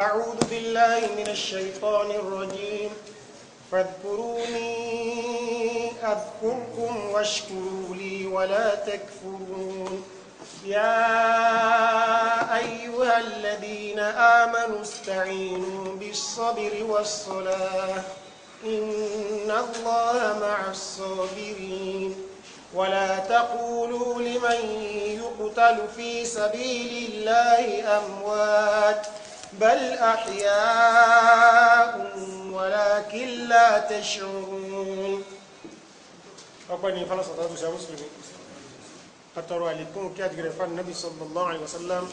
أعوذ بالله من الشيطان الرجيم فاذكروني أذكركم واشكروا لي ولا تكفرون يا أيها الذين آمنوا استعينوا بالصبر والصلاة إن الله مع الصابرين ولا تقولوا لمن يقتل في سبيل الله أموات بل أحياء ولكن لا تشعرون أقبلني فلا صلاة يا مسلمي أترى عليكم كي أتغرفان النبي صلى الله عليه وسلم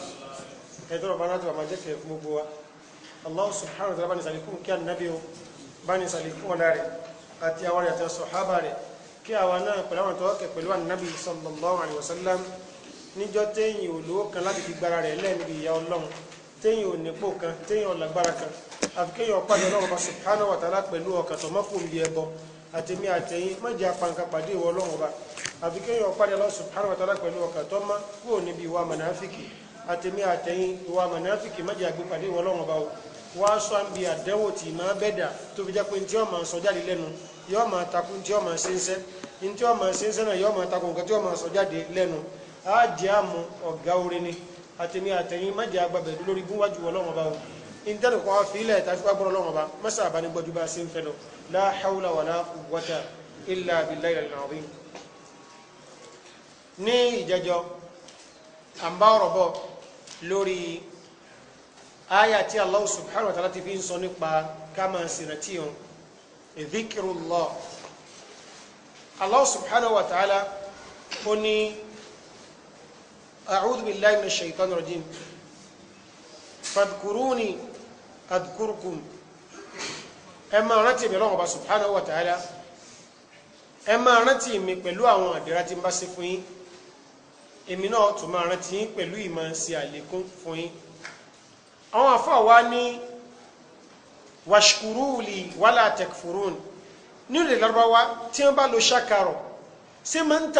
ẹ̀dọ́rọ̀ bá rájọ́ àmà jẹ́ kẹfún gbogbo wa Allah subhanahu wa ta'ala bá ní sàlékún kí ànábí o bá ní sàlékún ọ̀nà rẹ̀ àti àwọn rẹ̀ àti sàhábà rẹ̀ kí àwa náà pẹ̀lú àwọn tọ́wọ́kẹ̀ pẹ̀lú ànábí sallallahu alaihi wasallam níjọ́ téyìn olówó kan láti fi gbára rẹ̀ lẹ́ẹ̀mí ìyá ọlọ́run téèyàn ò nípò kan téèyàn ọ̀làgbára kan àfi kéèyàn ọ̀pàdé ọlọ́run bá subhanahu wa ta'ala pẹ̀lú ọkàn tó mọ́kùn bí ẹbọ àtẹ̀mí àtẹ̀yìn mọ́jì apanka pàdé ìwọ ọlọ́run ọba àfi kéèyàn ọ̀pàdé ọlọ́run subhanahu wa ta'ala pẹ̀lú ọkàn tó mọ́ kúrò níbi ìwà mọ̀nàfíkì àtẹ̀mí àtẹ̀yìn ìwà mọ̀nàfíkì mọ́jì àgbé pàdé ìwọ ọlọ́run ọba o wá sọ àǹbí àdẹ́wò tì máa bẹ́dà tó fi jẹ́ pé tí wọ́n máa sọ jáde lẹ́nu yọ́ máa takú tí wọ́n máa ṣe ń sẹ́ náà yọ́ máa takú nǹkan tí wọ́n sọ jáde lẹ́nu á jẹ́ àmú ọ̀gá orin ni àtẹ̀mí àtẹ̀yìn májẹ̀ agbábẹ̀ lórí gúnwájú ọlọ́run ọba o ìtẹ́lẹ̀ kan fi ilẹ̀ tàbí gbàgbọ́ ọlọ́run ọba mẹ́sà àbáni gbọ́jú bá ṣe ń fẹ́ lọ la hawla wala quwwata illa billahi al-azim ní ìjẹjọ à ń bá ọ̀rọ̀ bọ̀ lórí aya tí Allah subhanahu wa ta'ala ti fi ń sọ nípa ká máa hàn dhikrullah Allah subhanahu wa ta'ala ó ní أعوذ بالله من الشيطان الرجيم فاذكروني أذكركم أما رنتي بلون الله سبحانه وتعالى أما رنتي مي pẹ̀lú àwọn àdúrà tí n bá ṣe fún yín èmi náà tún máa rántí yín pẹ̀lú ìmọ̀ ṣe àlékún fún yín àwọn àfáà wa ní wàṣkúrúùlì wàlà tẹkfurún nílùú ìlọrọwá tí wọn bá lo ṣàkàrọ ṣé máa ń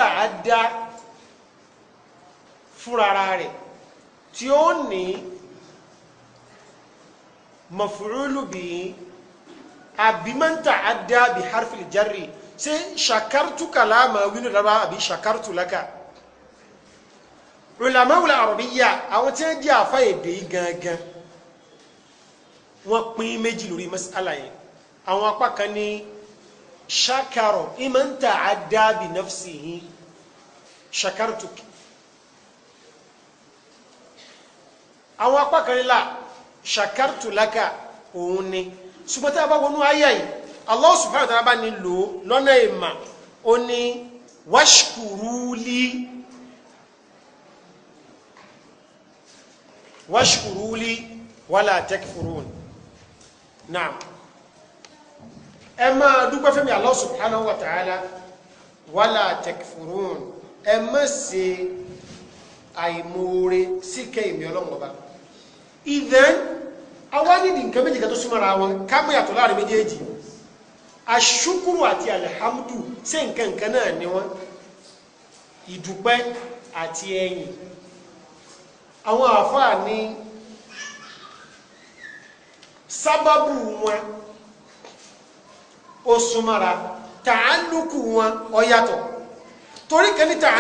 fúrara rẹ̀ tí ó ní maf'ulu bihi àbí man ta'adda bi harfil jarri ṣe ṣàkártù kàlámà wínú lára àbí ṣàkártù lákà ulamawul arabiyya àwọn tí wọ́n jẹ́ àfá èdè gangan wọ́n pín méjì lórí mas'ala yẹn àwọn apá kan ní ṣàkárọ̀ ìmọ̀ ń ta'adda bi nafsihi ṣàkártù kì àwọn apá kan nílà ṣàkàrtù lákà òun ni ṣùgbọ́n tí a bá wọnú ayé yìí Allah subhanahu wa ta'ala bá ní lò lọ́nà ìmà ó ní wáṣkùrúlì wáṣkùrúlì wàlà tẹ́kìfúrún náà ẹ máa dúpẹ́ fẹ́mi Allah subhanahu wa ta'ala wàlà tẹ́kìfúrún ẹ má ṣe àìmoore síkẹ́ ìmì ọlọ́run ìdán awánìdì nǹkan méjì kan tó súnmọ́ra wọn kámọ́ yàtọ̀ láàrin méjèèjì aṣúkúrò àti alhamdu ṣe nǹkan nǹkan náà ni wọn ìdúpẹ́ àti ẹ̀yìn àwọn àfáà ní sábàbù wọn ó súnmọ́ra tàálùkù wọn ó yàtọ̀ torí kan ní kan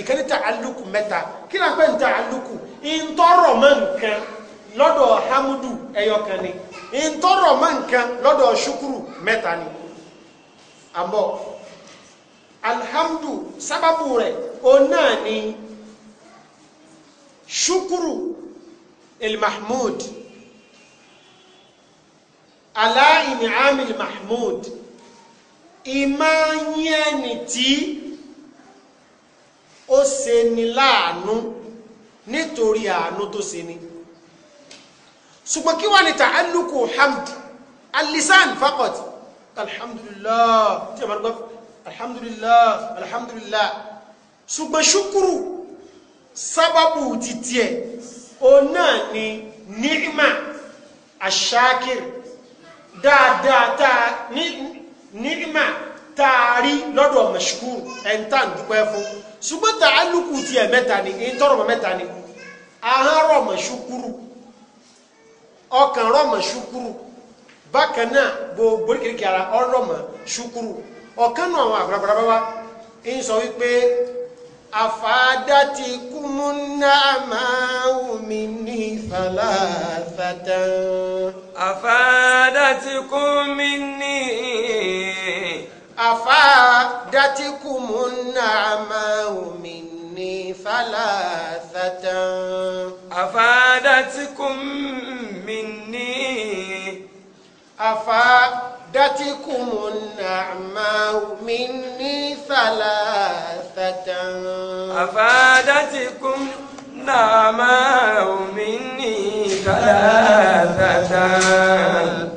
ìkan ní mẹ́ta kí ni a pè ní tàálùkù ìtọ́rọ̀ mọ́ nǹkan lọ́dọ̀ hamudu ẹyọkan ni ìtọ́rọ̀ mọ́ nǹkan lọ́dọ̀ ṣukuru mẹ́ta ni àbọ̀ alhamdu sábàbù rẹ̀ o náà ni ṣukuru ilmahmud aláìní amil mahmud ìmá yẹni tí ó ṣe ni láàánú nítorí àánú tó ṣe ni. Láàánú, ṣùgbọ́n kí wà ní ta'alluqu hamd alisan faqat alhamdulillah tí a bá gbọ́ alhamdulillah alhamdulillah ṣùgbọ́n ṣukuru sábàbù títí ẹ̀ o náà ni ni'ima aṣákir dáadáa táa ni'ima taari lọ́dọ̀ mashkur ẹ̀ntà ń dúpẹ́ fún ṣùgbọ́n ta'alluqu tí ẹ̀ ni ìtọ́rọ̀ mẹ́ta ni ahọ́rọ̀ mashukuru ọkàn rọ̀mọ̀ ṣúkúrú bákan náà gbogbo oríkèéríkè ara ọ̀rọ̀mọ̀ ṣúkúrú ọ̀kan náà àwọn àgbàlagbà wa ń sọ wípé àfàdátì kúmúnà máa wùmí ní fàlàfàtà. àfàdátì kúmí ní. àfàdátì kúmúnà máa wùmí ní fàlàfàtà. àfàdátì kúmí. أفادتكم النعماء مني ثلاثة أفادتكم النعماء مني ثلاثة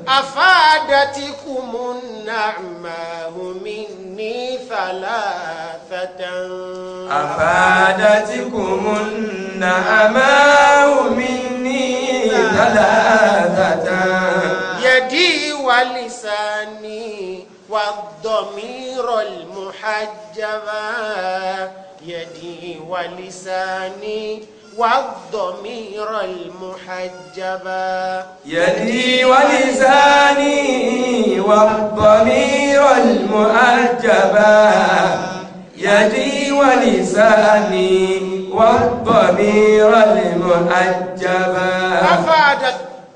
أفادتكم النعماء مني ثلاثة أفادتكم النعماء مني ثلاثة يدي ولساني والضمير المحجبة يدي ولساني والضمير المحجبة يدي ولساني والضمير المحجبة يدي ولساني والضمير المعجب أفادت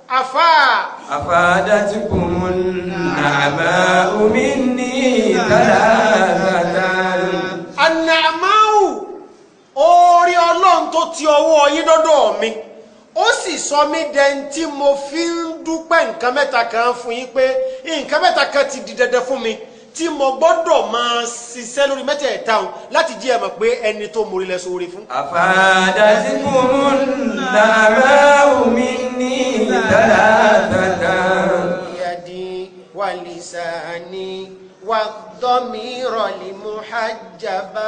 أفا أفادتكم النعماء مني ثلاثة النعماء orí ọlọ́run tó ti ọwọ́ yín dọ́dọ̀ mi ó sì sọ mí dẹni tí mo fi ń dúpẹ́ nǹkan mẹ́ta kan fún yín pé nǹkan mẹ́ta kan ti di dandan fún mi tí mo gbọ́dọ̀ máa ṣiṣẹ́ lórí mẹ́tẹ̀ẹ̀ta hùn láti jí ẹ̀mọ̀ pé ẹni tó mórí lẹ sóore fún. àfàdásíkùn lára omi ní ìdára tata. yadi wà lisani wà dọ́mìíràn lè mú hajjaba.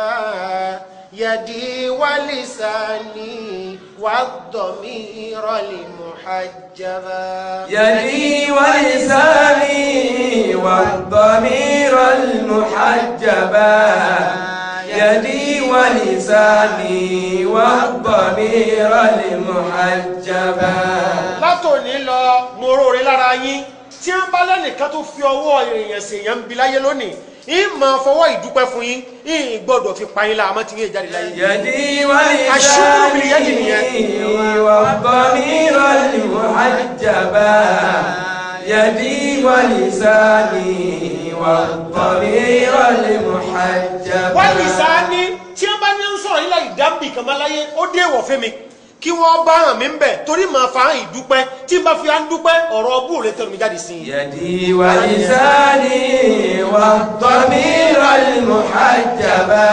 يدي ولساني والضمير المحجبا يدي ولساني والضمير المحجبا يدي ولساني والضمير المحجبا لا lọ لا róore لا yín tí ń bá lẹ́nìkan tó fi ọwọ́ èèyàn ṣèyàn ń bi láyé ìmọ̀ fọwọ́ ìdúpẹ́ fún yín ìyìn fi pa yín la àmọ́ tí yín jáde láyé. yẹ̀dí wá ìjà ní tí wọ́n bá ní sọ̀rọ̀ yìí láì dábì kàmáláyé ó dé wọ̀ kí wọ́n bá hàn mí bẹ̀ torí màá fa hàn ìdúpẹ́ tí màá fi hàn dúpẹ́ ọ̀rọ̀ ọbú rẹ tẹnu mi jáde sí i. yadi wa lisani wa dhamira al-muhajjaba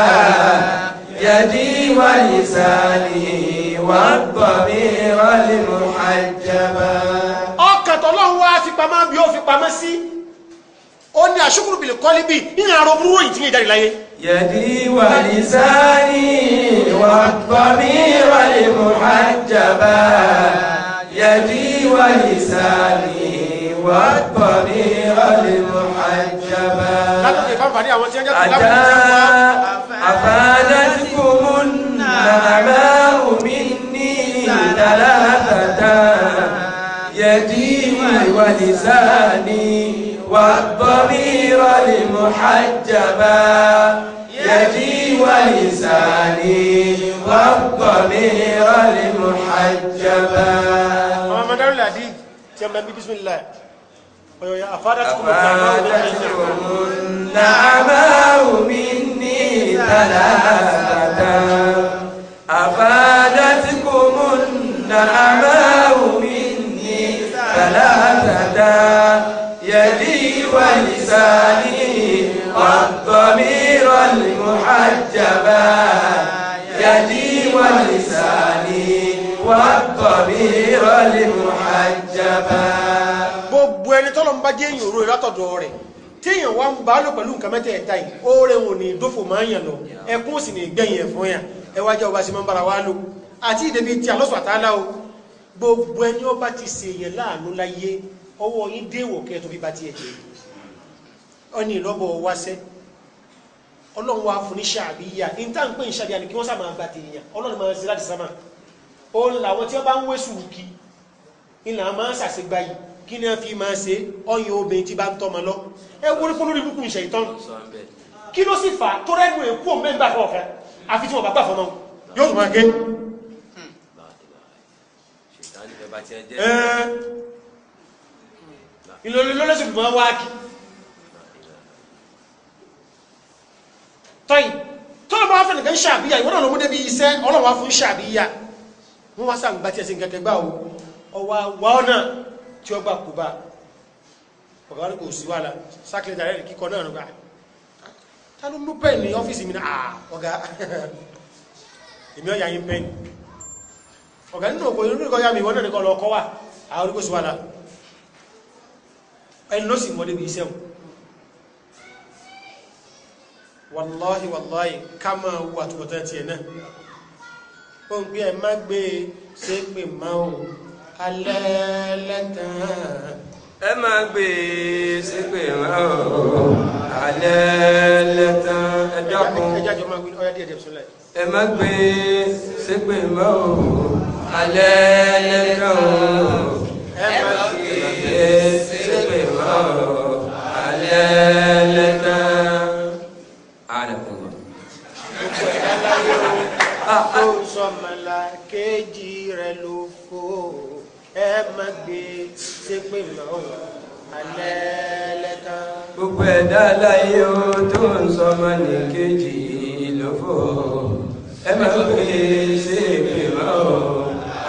yadi wa lisani wa dhamira al-muhajjaba. ọkàn tọ́lọ́hún wá fipamọ́ bí ó fipamọ́ sí ó ní àṣukuru bìlẹ̀ kọ́lí bí nínú àrò burú yìí tí ń jáde láyé. yẹ̀dí wà ní sáni wà bàmí wà ní muhajjaba yẹ̀dí wà ní sáni wà bàmí wà ní muhajjaba. láti lè fa nfààní àwọn tí wọ́n jẹ́ tó lábùkù náà wá. àfàdásíkùmùn nàmá omi ní ìdálá àtàtà yẹ̀dí wà ní sáni. والضمير المحجبا يدي ولساني والضمير المحجبا أما دار الحديث كم نبي بسم الله أفادتكم النعماء مني ثلاثة أفادتكم النعماء مني ثلاثة بلسانه والضمير المحجبا يدي ولساني والضمير المحجبا gbogbo ẹni tọ́lọ̀ ń bá jẹ́ èyàn òróró látọ̀dọ̀ rẹ̀ tí èyàn wá ń bá lò pẹ̀lú nǹkan mẹ́tẹ̀ẹ̀ta yìí ó rẹ̀ wọn ní ìdófò máa ń yàn lọ ẹkún sì ní ìgbẹ̀yìn ẹ̀fún yàn ẹwà jẹ́ ọba sí máa ń bára wá lò àti ìdẹ̀bi ti àlọ́sọ̀ àtàlá o gbogbo ẹni ọba ti ṣèyàn láàánú láyé ọwọ́ yín déwọ̀ kẹ́ẹ̀ tó fi bá tiẹ̀ jẹ́ yìí ọ̀nì ìlọ́bọ̀ wáṣẹ́ ọlọ́run wa fún ní ṣàbíyà ní tá à pè ní ṣàbíyà ni kí wọ́n sàmà gba tèèyàn ọlọ́run máa ń ṣe láti sàmà òun làwọn tí wọ́n bá ń wé sùúkì ìlànà máa ń ṣàṣegbà yìí kí ni wọ́n fi máa ṣe ọyàn obìnrin tí bá ń tọ́mọ lọ ẹ wọ́n ní polórí búkú ìṣẹ̀ ìtọ́n kí ló sì fà tó rẹ́nu èkó mẹ́gbà fún ọ̀fẹ́ àfi tí wọ́n bá gbà fọmọ yóò tọ́yì tọ́lọ̀ bá fẹ́ nìkan ṣàbíyà ìwọ́n náà ló mú débi iṣẹ́ ọlọ́wà fún ṣàbíyà wọ́n wá sàǹgbà tí ẹ̀sìn kẹ̀kẹ́ gbà ó ọwọ́ wa ọ̀nà tí ó gbà kó bá ọ̀gá ní kò sí wàhálà sákìlẹ̀ dàrẹ́ rẹ̀ kíkọ náà nígbà ta ló mú pẹ́ẹ̀n ní ọ́fíìsì mi náà ah, ọ̀gá èmi ọ̀yà yín pẹ́ẹ̀n ọ̀gá nínú òkò nínú ìkọ́ yá mi ìwọ́n náà nìkan lọ wàláhì wàláhì ká máa wo àtúbọ̀tán tiẹ̀ náà ó ń gbé ẹ má gbé e ṣe pé má o alẹ́ lẹ́tàn. ẹ má gbé e ṣe pé má o alẹ́ lẹ́tàn ẹ dákun. ẹ jájọ máa gbé ọyá díẹ̀ díẹ̀ sọlá ẹ má gbé e ṣe pé má o alẹ́ lẹ́tàn ẹ má gbé e ṣe pé má o alẹ́ lẹ́tàn. ó sọmọlá kejì rẹ ló fò ẹ má gbé ṣépè mọ́ alẹ́ lẹ́tàn. gbogbo ẹ̀dá láyé ó tó ń sọmọ ní kejì ló fò ẹ má gbé ṣépè mọ́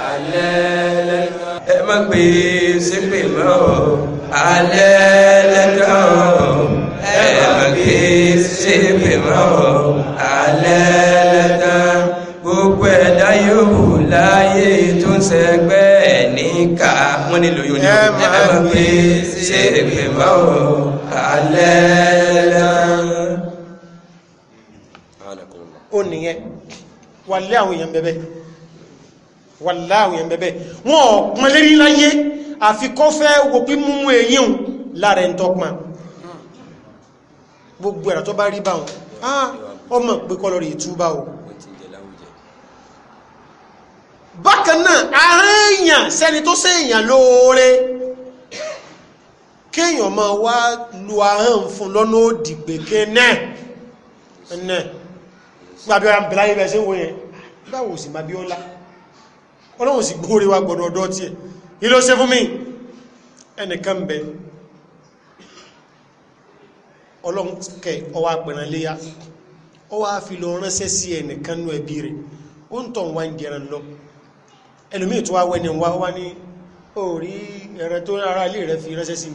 alẹ́ lẹ́tàn. ẹ má gbé ṣépè mọ́ alẹ́ lẹ́tàn ẹ má gbé ṣépè mọ́ alẹ́ lẹ́tàn láyé tó ń sẹgbẹ́ níkà wọ́n nílò yóò ní ẹ máa gbé ṣe ìgbìmọ̀ alẹ́ lẹ́yìn ó nìyẹn wàlẹ́ àwọn èèyàn bẹ̀bẹ̀ wàlẹ́ àwọn èèyàn bẹ̀bẹ̀ wọ́n ọ̀pọ̀ lérí láyé àfikọ́ fẹ́ wo pí múmú èyíhùn lára ẹ̀ tọ́pọ̀ gbogbo ẹ̀rà tó bá rí báwọn ọmọ ah, pẹ́kọ́ lọ rí ìtúbà o bákan náà aráàyàn sẹ́ni tó sẹ́yìn lóore kéèyàn máa wá lu ahọ́n fún lọ́nà òdì gbèké náà ẹnẹ gbàbí ọ̀rọ̀ àbẹ̀láyé bẹ̀ sí wòye báwo sì máa bí ọlá ọlọ́run sì gbóòrè wa gbọ̀dọ̀ ọ̀dọ́ tí ẹ̀ ilé ó ṣe fún mi ẹnìkan bẹ̀ ọlọ́run kẹ ọwá pẹ̀rẹ̀ léyà ó wá ń lọ ẹlòmí tó wá wẹni wá wá ní orí ẹran tó ara ilé rẹ fi ránṣẹ́ sí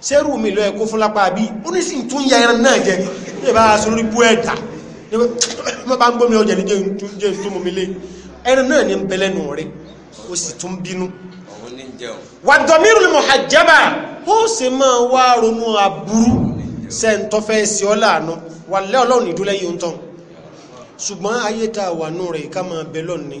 sẹ́rù mi lọ ẹkó fún lápá bí ó ní sì tún ya ẹran náà jẹ ní ìbá aṣọ lórí bú ẹ̀dà ní bá ń gbómi ọjà ní jẹ́ tó mú mi lé ẹran náà ní bẹ́lẹ́nu rẹ ó sì tún bínú wà dọ̀míru lè mọ̀ ó sì máa wá ronú aburú sẹ́ńtọ́fẹ́ sí ọ́ láàánú wà lẹ́ ọlọ́run ìdúlẹ́yìn tó ń ṣùgbọ́n ayé ta wà nù rẹ̀ ká máa bẹ lọ́nìí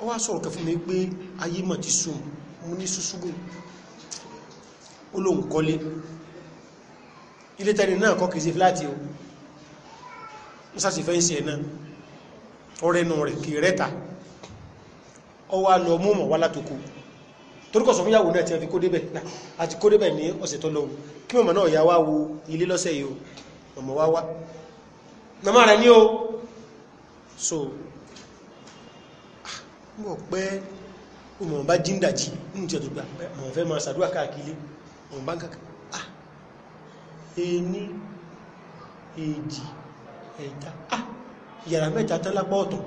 ó wá sọ̀rọ̀ kẹ fún mi pé ayé mọ̀ ti sùn mú ní súsúgbò ó lóun kọ́lé ilé tẹni náà kọ́ kìí sí fláàtì o ń sàṣì fẹ́ǹsì ẹ̀ náà ọ̀rẹ́ nù rẹ̀ kì í rẹ́ta ọ wá lọ mú mọ̀ wá látòkù torúkọ̀ sọ fún yàwó náà tí fi kó débẹ̀ àti kó débẹ̀ ní ọ̀sẹ̀ tó lọ́wọ́ o mọ̀mọ̀ so mọ̀ pé ọmọ bá jíndàjí ní ti ọ̀tọ̀gbà mọ̀ fẹ́ máa sàdúrà káàkiri mọ̀ bá ń kàkà ah ẹni èjì ẹ̀ta ah yàrá mẹ́ta tán lápá ọ̀tọ̀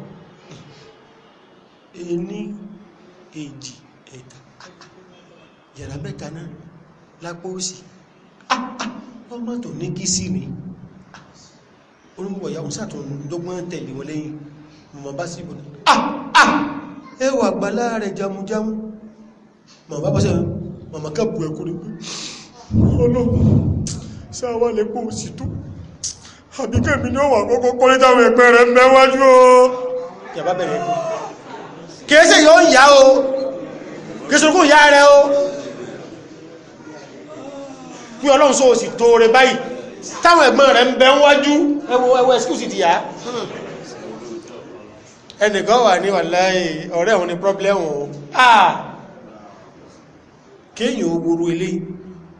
ẹni èjì ẹ̀ta ah yàrá mẹ́ta náà lápá òsì ah ah ọmọ tó ní kí sí ni olùmọ̀yà òun sàtún dọ́gbọ́n tẹ̀lé wọn lẹ́yìn mọ̀ bá sí ibùdó ah ah ẹwà àgbàlá rẹ̀ jamujamu màmá bá sẹ́yìn màmá kàbù ẹkù ní pé ọlọ́pù sáwà lè pọ̀ sí tó àbíkẹ́ mi ní ọwà kọ́kọ́ kọ́ nítàwọn ẹgbẹ́ rẹ̀ mẹ́wájú o yàbá bẹ̀rẹ̀ ẹkù kẹsẹ̀ yóò yá o kẹsùkú yá rẹ̀ o pí ọlọ́run sóò tó rẹ̀ báyìí táwọn ẹ̀gbọ́n rẹ̀ ń ẹwọ ẹwọ ẹ̀sìkú sì ti yá ẹnìkan wà ní wàláyé ọ̀rẹ́ òun ni pọ́blẹ́mù o ah kéèyàn ogboro ilé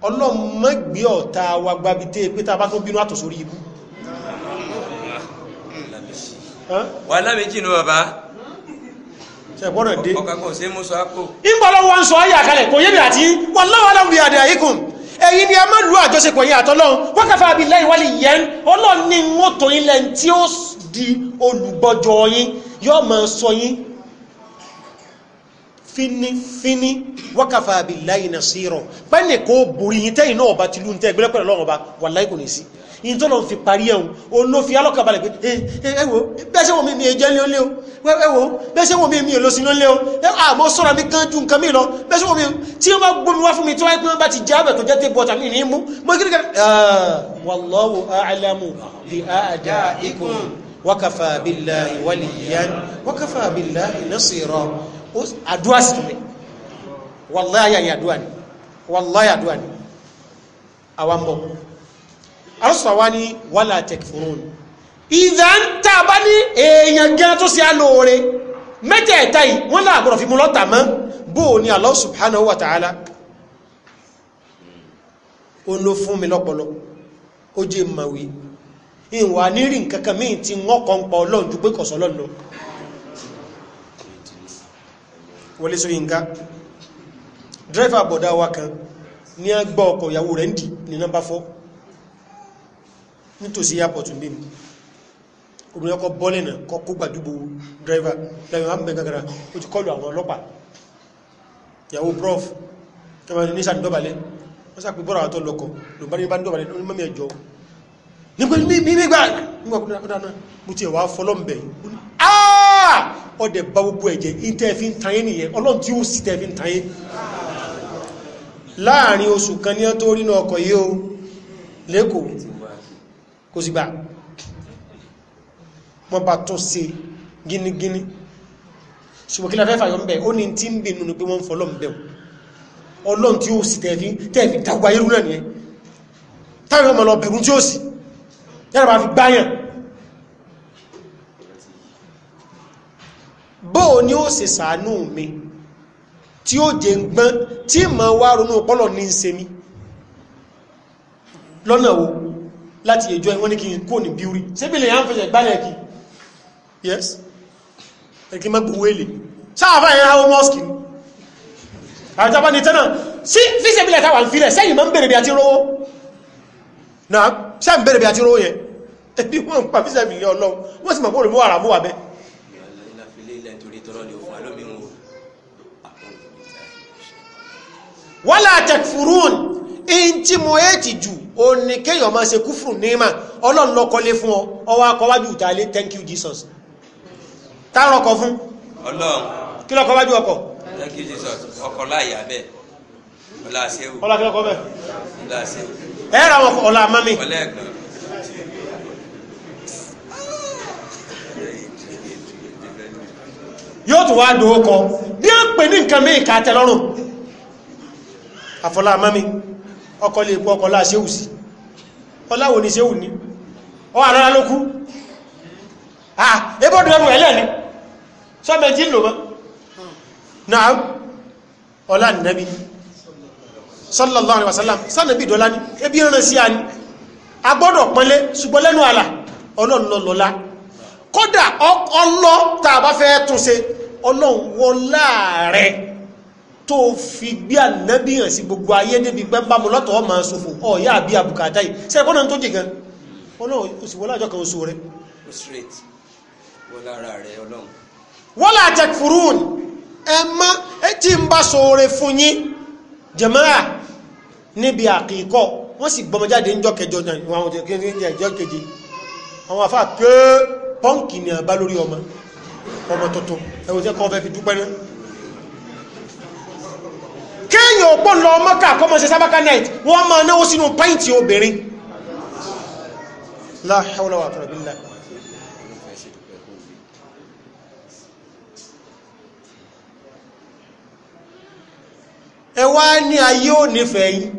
ọlọ́mọ́gbé ọ̀ta wa gbabi tẹ́ pé ta bá tó bínú àtọ̀ sórí ibú wà lábẹ́jì ní bàbá ṣẹ̀gbọ́nà dé ọkàkùn sí mú sọ ápò ìgbọ́lọ́wọ́ ń sọ ayé àkàlẹ̀ kò yé ni a máa lù àjọṣepọ̀ yìí àtọ́lọ́run wákàfà àbí lẹ́yìn wálé yẹn ọlọ́run mọ́tò ilẹ̀ tí ó di olùgbọ́jọ yín yóò máa sọ yín fínífíní wákàfà billahi nasira pẹ́ẹ́nì kó borí yín tẹ́yìn náà ọba tìlú ntẹ́ ìgbélé pẹ̀lú ọlọ́run ọba wallahi kò ní sí yín tó lọ́n fi parí ẹ̀hún olófi alọ́kàbalẹ̀ pé ẹ wo bẹ́ẹ̀ sẹ́wọ̀n mi mi ẹ jẹ́ lé o ẹ wo bẹ́ẹ̀ sẹ́wọ̀n mi mi ẹ lọ sí o ẹ àmọ́ sọ́ra mi kan ju nǹkan mi lọ bẹ́ẹ̀ sẹ́wọ̀n mi tí wọ́n bá gbómi wá fún mi tí wọ́n bá ti jẹ́ abẹ́ tó jẹ́ tẹ́ bọ́tà mi ní mú mo kí ni ká wallahu a'lamu bi a'da'ikum wakafa billahi waliyan wakafa billahi nasira àdúrà sí rẹ̀ wallahi àyà àdúrà ni wallahi àdúrà ni àwọn bọ̀ arúsọ̀ wá ní wàlá tẹkifurún ìdá ń tà bá ní èèyàn gan tó ṣe alóore yìí wọ́n láàbọ̀rọ̀ fi mú lọ́tà mọ́ bó o Allah subhanahu wa ta'ala ó ló fún mi lọ́pọlọ ó jẹ́ màwí ìwà nírì nkankan míì tí wọ́n kọ́ ń pa ọlọ́run ju pé kọ̀sọ́ lọ́nà wọlé Ṣóyínká dírẹ́fà bọ̀dá wa kan ní a gbọ́ ọkọ̀ ìyàwó rẹ̀ ń dì ní nọ́mbà fọ́ nítòsí airport ń bímú obìnrin ọkọ̀ bọ́ọ̀lì náà gbàdúgbò dírẹ́fà lẹ́yìn wọn bẹ̀ ó ti kọlu àwọn ọlọ́pàá ìyàwó prof kẹwàá ní sàdúndọ̀bálẹ̀ wọ́n sàpè bọ́ra àtọ́ lọ́kọ̀ ló bá ní bá ní pé mímígbà mo ti ẹ̀wà fọlọ́m̀bẹ̀ ọdẹ̀ bá gbogbo ẹ̀jẹ̀ ìtẹ́ẹ̀fí ń tayé nìyẹn ọlọ́run tí ó sì tẹ́ẹ̀fí ń tayé láàrin oṣù kan ní tó rí náà ọkọ̀ yìí o lẹ́kọ̀ọ́ kò sì gbà wọ́n bá tún ṣe gínigíní ṣùgbọ́n kí la fẹ́ fàyọ̀ bẹ̀ ó ní tí ń bè nínú pé wọ́n ń fọlọ́m̀bẹ̀ ọlọ́run tí ó sì tẹ́ẹ̀fí tẹ́ẹ̀fí dàgbà yẹ́rù náà nìyẹn táwọn ọmọ lọ bẹ̀rù tí ó sì yára bá fi gbáyàn bóò ni ó ṣe sàánú mi tí ó jẹ ń gbọ́n tí ma wá ronú ọpọlọ ní ń ṣe mi lọ́nà wo láti ẹjọ́ ìwọ́n ní kí n kó ní bí orí síbílẹ̀ yà ń fẹ̀ṣẹ̀ gbálẹ̀ kí yes ẹ̀kí mọ́ gbogbo èlè sáàfà ẹ̀yà àwọn mọ́sùkì ni àjábá ni tẹ́nà sí fíṣẹ́bílẹ̀ táwà ń filẹ̀ sẹ́yìn mọ́ ń bèèrè bí a ti rówó náà sáàmì bẹ̀rẹ̀ bí a ti ró yẹn ẹbí wọ́n ń pa fíṣà ìbìlẹ̀ ọlọ́run wọ́n sì mọ̀ bóòlù mọ́ àràmú wà bẹ́ wala takfurun in tí mo yé ti jù ó ní kéèyàn máa ṣe kúfùrù níma ọlọ́run lọ kọ́lé fún ọ ọwọ́ akọwájú thank you jesus tá rọkọ fún ọlọ́run kí lọ́kọ́ wájú ọkọ̀ thank you jesus ọkọ̀ láyà bẹ́ẹ̀ ọlá àṣẹ́wò ọlá àṣẹ́wò bẹ́ẹ̀ ọlá ẹ ra wọn ọ̀la mami. yóò tún wá dòwó kọ bí ó ń pè ní nǹkan mí ìka àtẹlọ́rùn àfọlá mami ọkọ̀ lè pọ̀ ọkọ̀ láà ṣéwù ọláwò ní ṣéwù ọ ẹrù sallallahu alaihi wasallam sánàbí ìdọ́lá ní ebi ẹran sí àní agbọ́dọ̀ pọ́nlé ṣùgbọ́n lẹ́nu àlà ọlọ́run lọ́lá kódà ọlọ́ tá a bá fẹ́ tún ṣe ọlọ́run wọ́n láàrẹ̀ tó fi gbé ànábì hàn sí gbogbo ayé débi pẹ́ ń bá mu lọ́tọ̀ ọmọ ṣòfò ọ̀yá àbí àbùkátà yìí ṣe ẹ̀kọ́ náà tó jì gan ọlọ́run oṣù wọlé kan oṣù rẹ̀ wọ́n láà tẹ̀kùrún ẹ̀ mọ́ ń bá ṣoore fún yín jẹ̀mọ́ra níbi àkíkọ́ wọ́n sì gbọmọjáde ńjọ́ kẹjọ náà ìwọ̀n àwọn ìjọ keje àwọn àfáà pé pọ́ǹkì ní àbá lórí ọmọ ọmọ tuntun ẹwọ́n tí kọ́ fẹ́ fi dúpẹ́ náà kéèyàn òpó lọ mọ́kà kọ́mọ ṣe sábàkà night wọ́n máa náwó sínú pẹ́ǹtì obìnrin la hawla wa quwwata billah ẹ wá ní ayé ò nífẹ̀ẹ́ yìí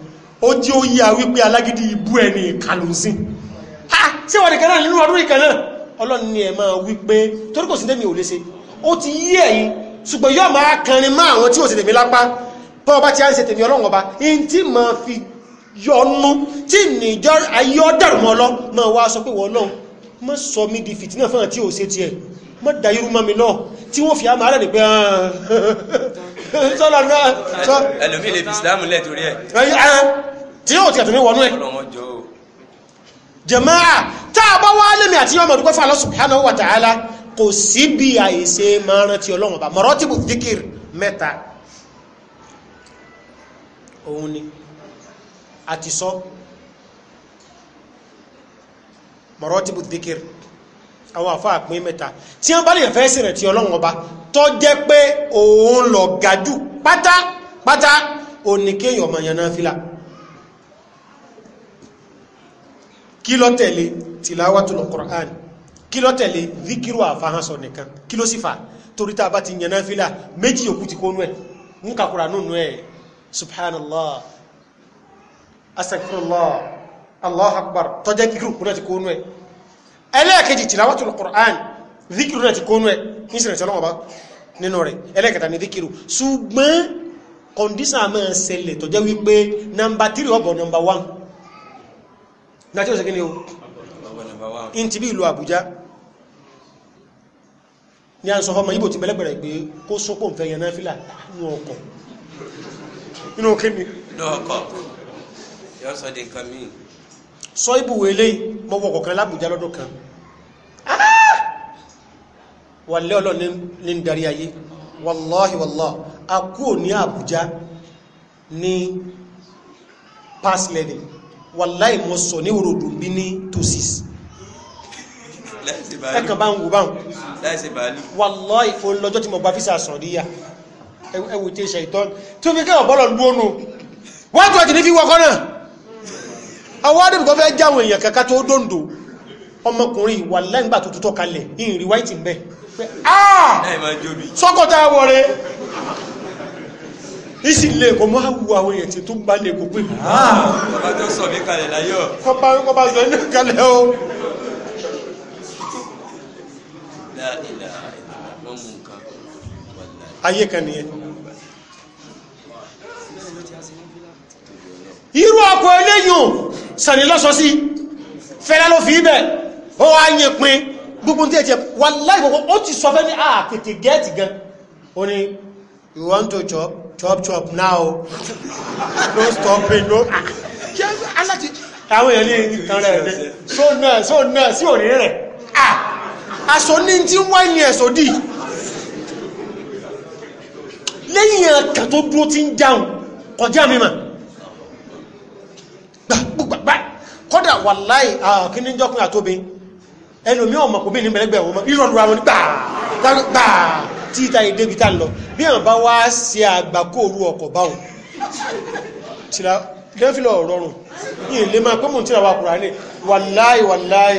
ó jí ó yíya wípé alágídí ibú ẹni ìkàlùsìn ha sí wọ́n nìkan náà nínú ọdún ìkan náà ọlọ́run ni ẹ̀ máa wípé torí kò sí tẹ́mi ò lè ṣe ó ti yí ẹ̀yìn ṣùgbọ́n yóò máa kanrin máa àwọn tí ò sì tèmi lápá bọ́ ọba tí a ń ṣe tèmi ọlọ́run ọba in tí mà fi yọnu tí nìjọ ayé ọ̀dàrú mọ́ lọ máa wá sọ pé wọ́n náà mọ́ sọ mí di fìtínà fún àwọn tí ò ṣe mi náà tí wọ́n fi á máa rẹ̀ sọ́nà náà ẹlòmí lè fi islam lẹ̀ torí ẹ̀. ẹyin ẹn tí yóò tiẹ̀ tó ní wọnú ẹ̀. jàmáà tá a bá wá lèmi àti yọmọ dúpẹ́ fún Allah subhanahu wa ta'ala kò sí bí àwọn àfa àpín mẹ́ta tí wọ́n bá lè fẹ́ sìnrìn tí ọlọ́run ọba tó jẹ́ pé òun lọ gàdú pátápátá òní kéèyàn ọmọ yẹn náà fìlà kí ló tẹ̀lé tìláwàtul Qur'an kí ló tẹ̀lé zikiru àfahànsọ nìkan kí ló sì fà torí tá a bá ti yẹn náà fìlà méjì òkú ti kónú ẹ̀ ń kàkúrà nínú ẹ̀ subhanallah astaghfirullah allah akbar tọ́jẹ́ kíkúrú kúrẹ́ ti kónú ẹ̀ ẹlẹ́ẹ̀kejì tìlàwátùl Qur'an zikiru náà ti kónú ẹ̀ ní ìsìnrìn tí ọlọ́wọ́ bá nínú rẹ̀ ẹlẹ́ẹ̀kẹta ni zikiru ṣùgbọ́n kọndíṣà máa ṣẹlẹ̀ tó jẹ́ wípé nọmba 3 ọbọ̀ nọmba 1 náà tí ó sẹ́kí ni ó in ti bí ìlú Àbújá ni a ń sọ ọmọ ibò ti bẹ̀lẹ̀bẹ̀rẹ̀ pé kó sọ́pọ̀ ń fẹ́ yẹn náà fílà nínú ọkọ̀ inú kí ni. inú ọkọ̀ yọ sọ de nǹkan míì sọ ibùwé eléyìí mọ́wọ́ kọ̀kan lábùjá lọ́dún kan ah! wà lé ọlọ́ ní darí ayé wàláhì wàláhì a kúrò ní àbújá ní pass learning wàláhì mọ́ sọ ní òròdù bí ní tosis ẹkàn bá ń wù báhùn wàláhì fún lọ́jọ́ tí mo gba físà sọ̀ríyà ẹwù tí ṣe ìtọ́ tí ó fi kẹ́ ọ̀bọ́lọ̀ lónú wọ́n tó àti ní fi wọ́kọ́ náà àwọn adébì kan fẹ́ jáwọn èèyàn kankan tó dòndò ọmọkùnrin wà lẹ́gbà tó tútọ́ kalẹ̀ ìrìn wáìtì bẹ́ ah! sọ́kọ̀tà wọ̀rẹ́ isi lè kò mọ́ àwọ̀ àwọn èèyàn tó bá lè kò pé ah! ayé kan nìyẹn irú ọkọ̀ eléyìn sàní lọ́sọ sí fẹ́lá ló fi ibẹ̀ ó wá yẹ pin gbogbo tí ẹ̀tẹ̀ wà láì ó ti sọ fẹ́ ní àtètè ah, gẹ́ẹ̀tì gan ó ní you want to chop chop chop now no stopping no aláti àwọn èèyàn ìtàn rẹ̀ so náà so náà sí òní rẹ̀ ah aṣọ ní tí ń wáyé ẹ̀sọ́ dì lẹ́yìn ẹ̀kan tó dúró ti ń dáhùn kọjá mímọ̀ gbàgbàgbà kọ́dà wàláì kíníjọ́kùn àtóbi ẹlòmí ọmọ kò bí ní bẹ̀rẹ̀gbẹ̀ ọmọ ìrọ̀lù àwọn gbàgbà tí ìta èdè bí tá ń lọ bí àwọn bá wá ṣe àgbàkóòrú ọkọ̀ báwọn tìlá lẹ́fìlọ̀ rọrùn yìí lè máa pẹ́mù tí àwọn akùnrin wàláì wàláì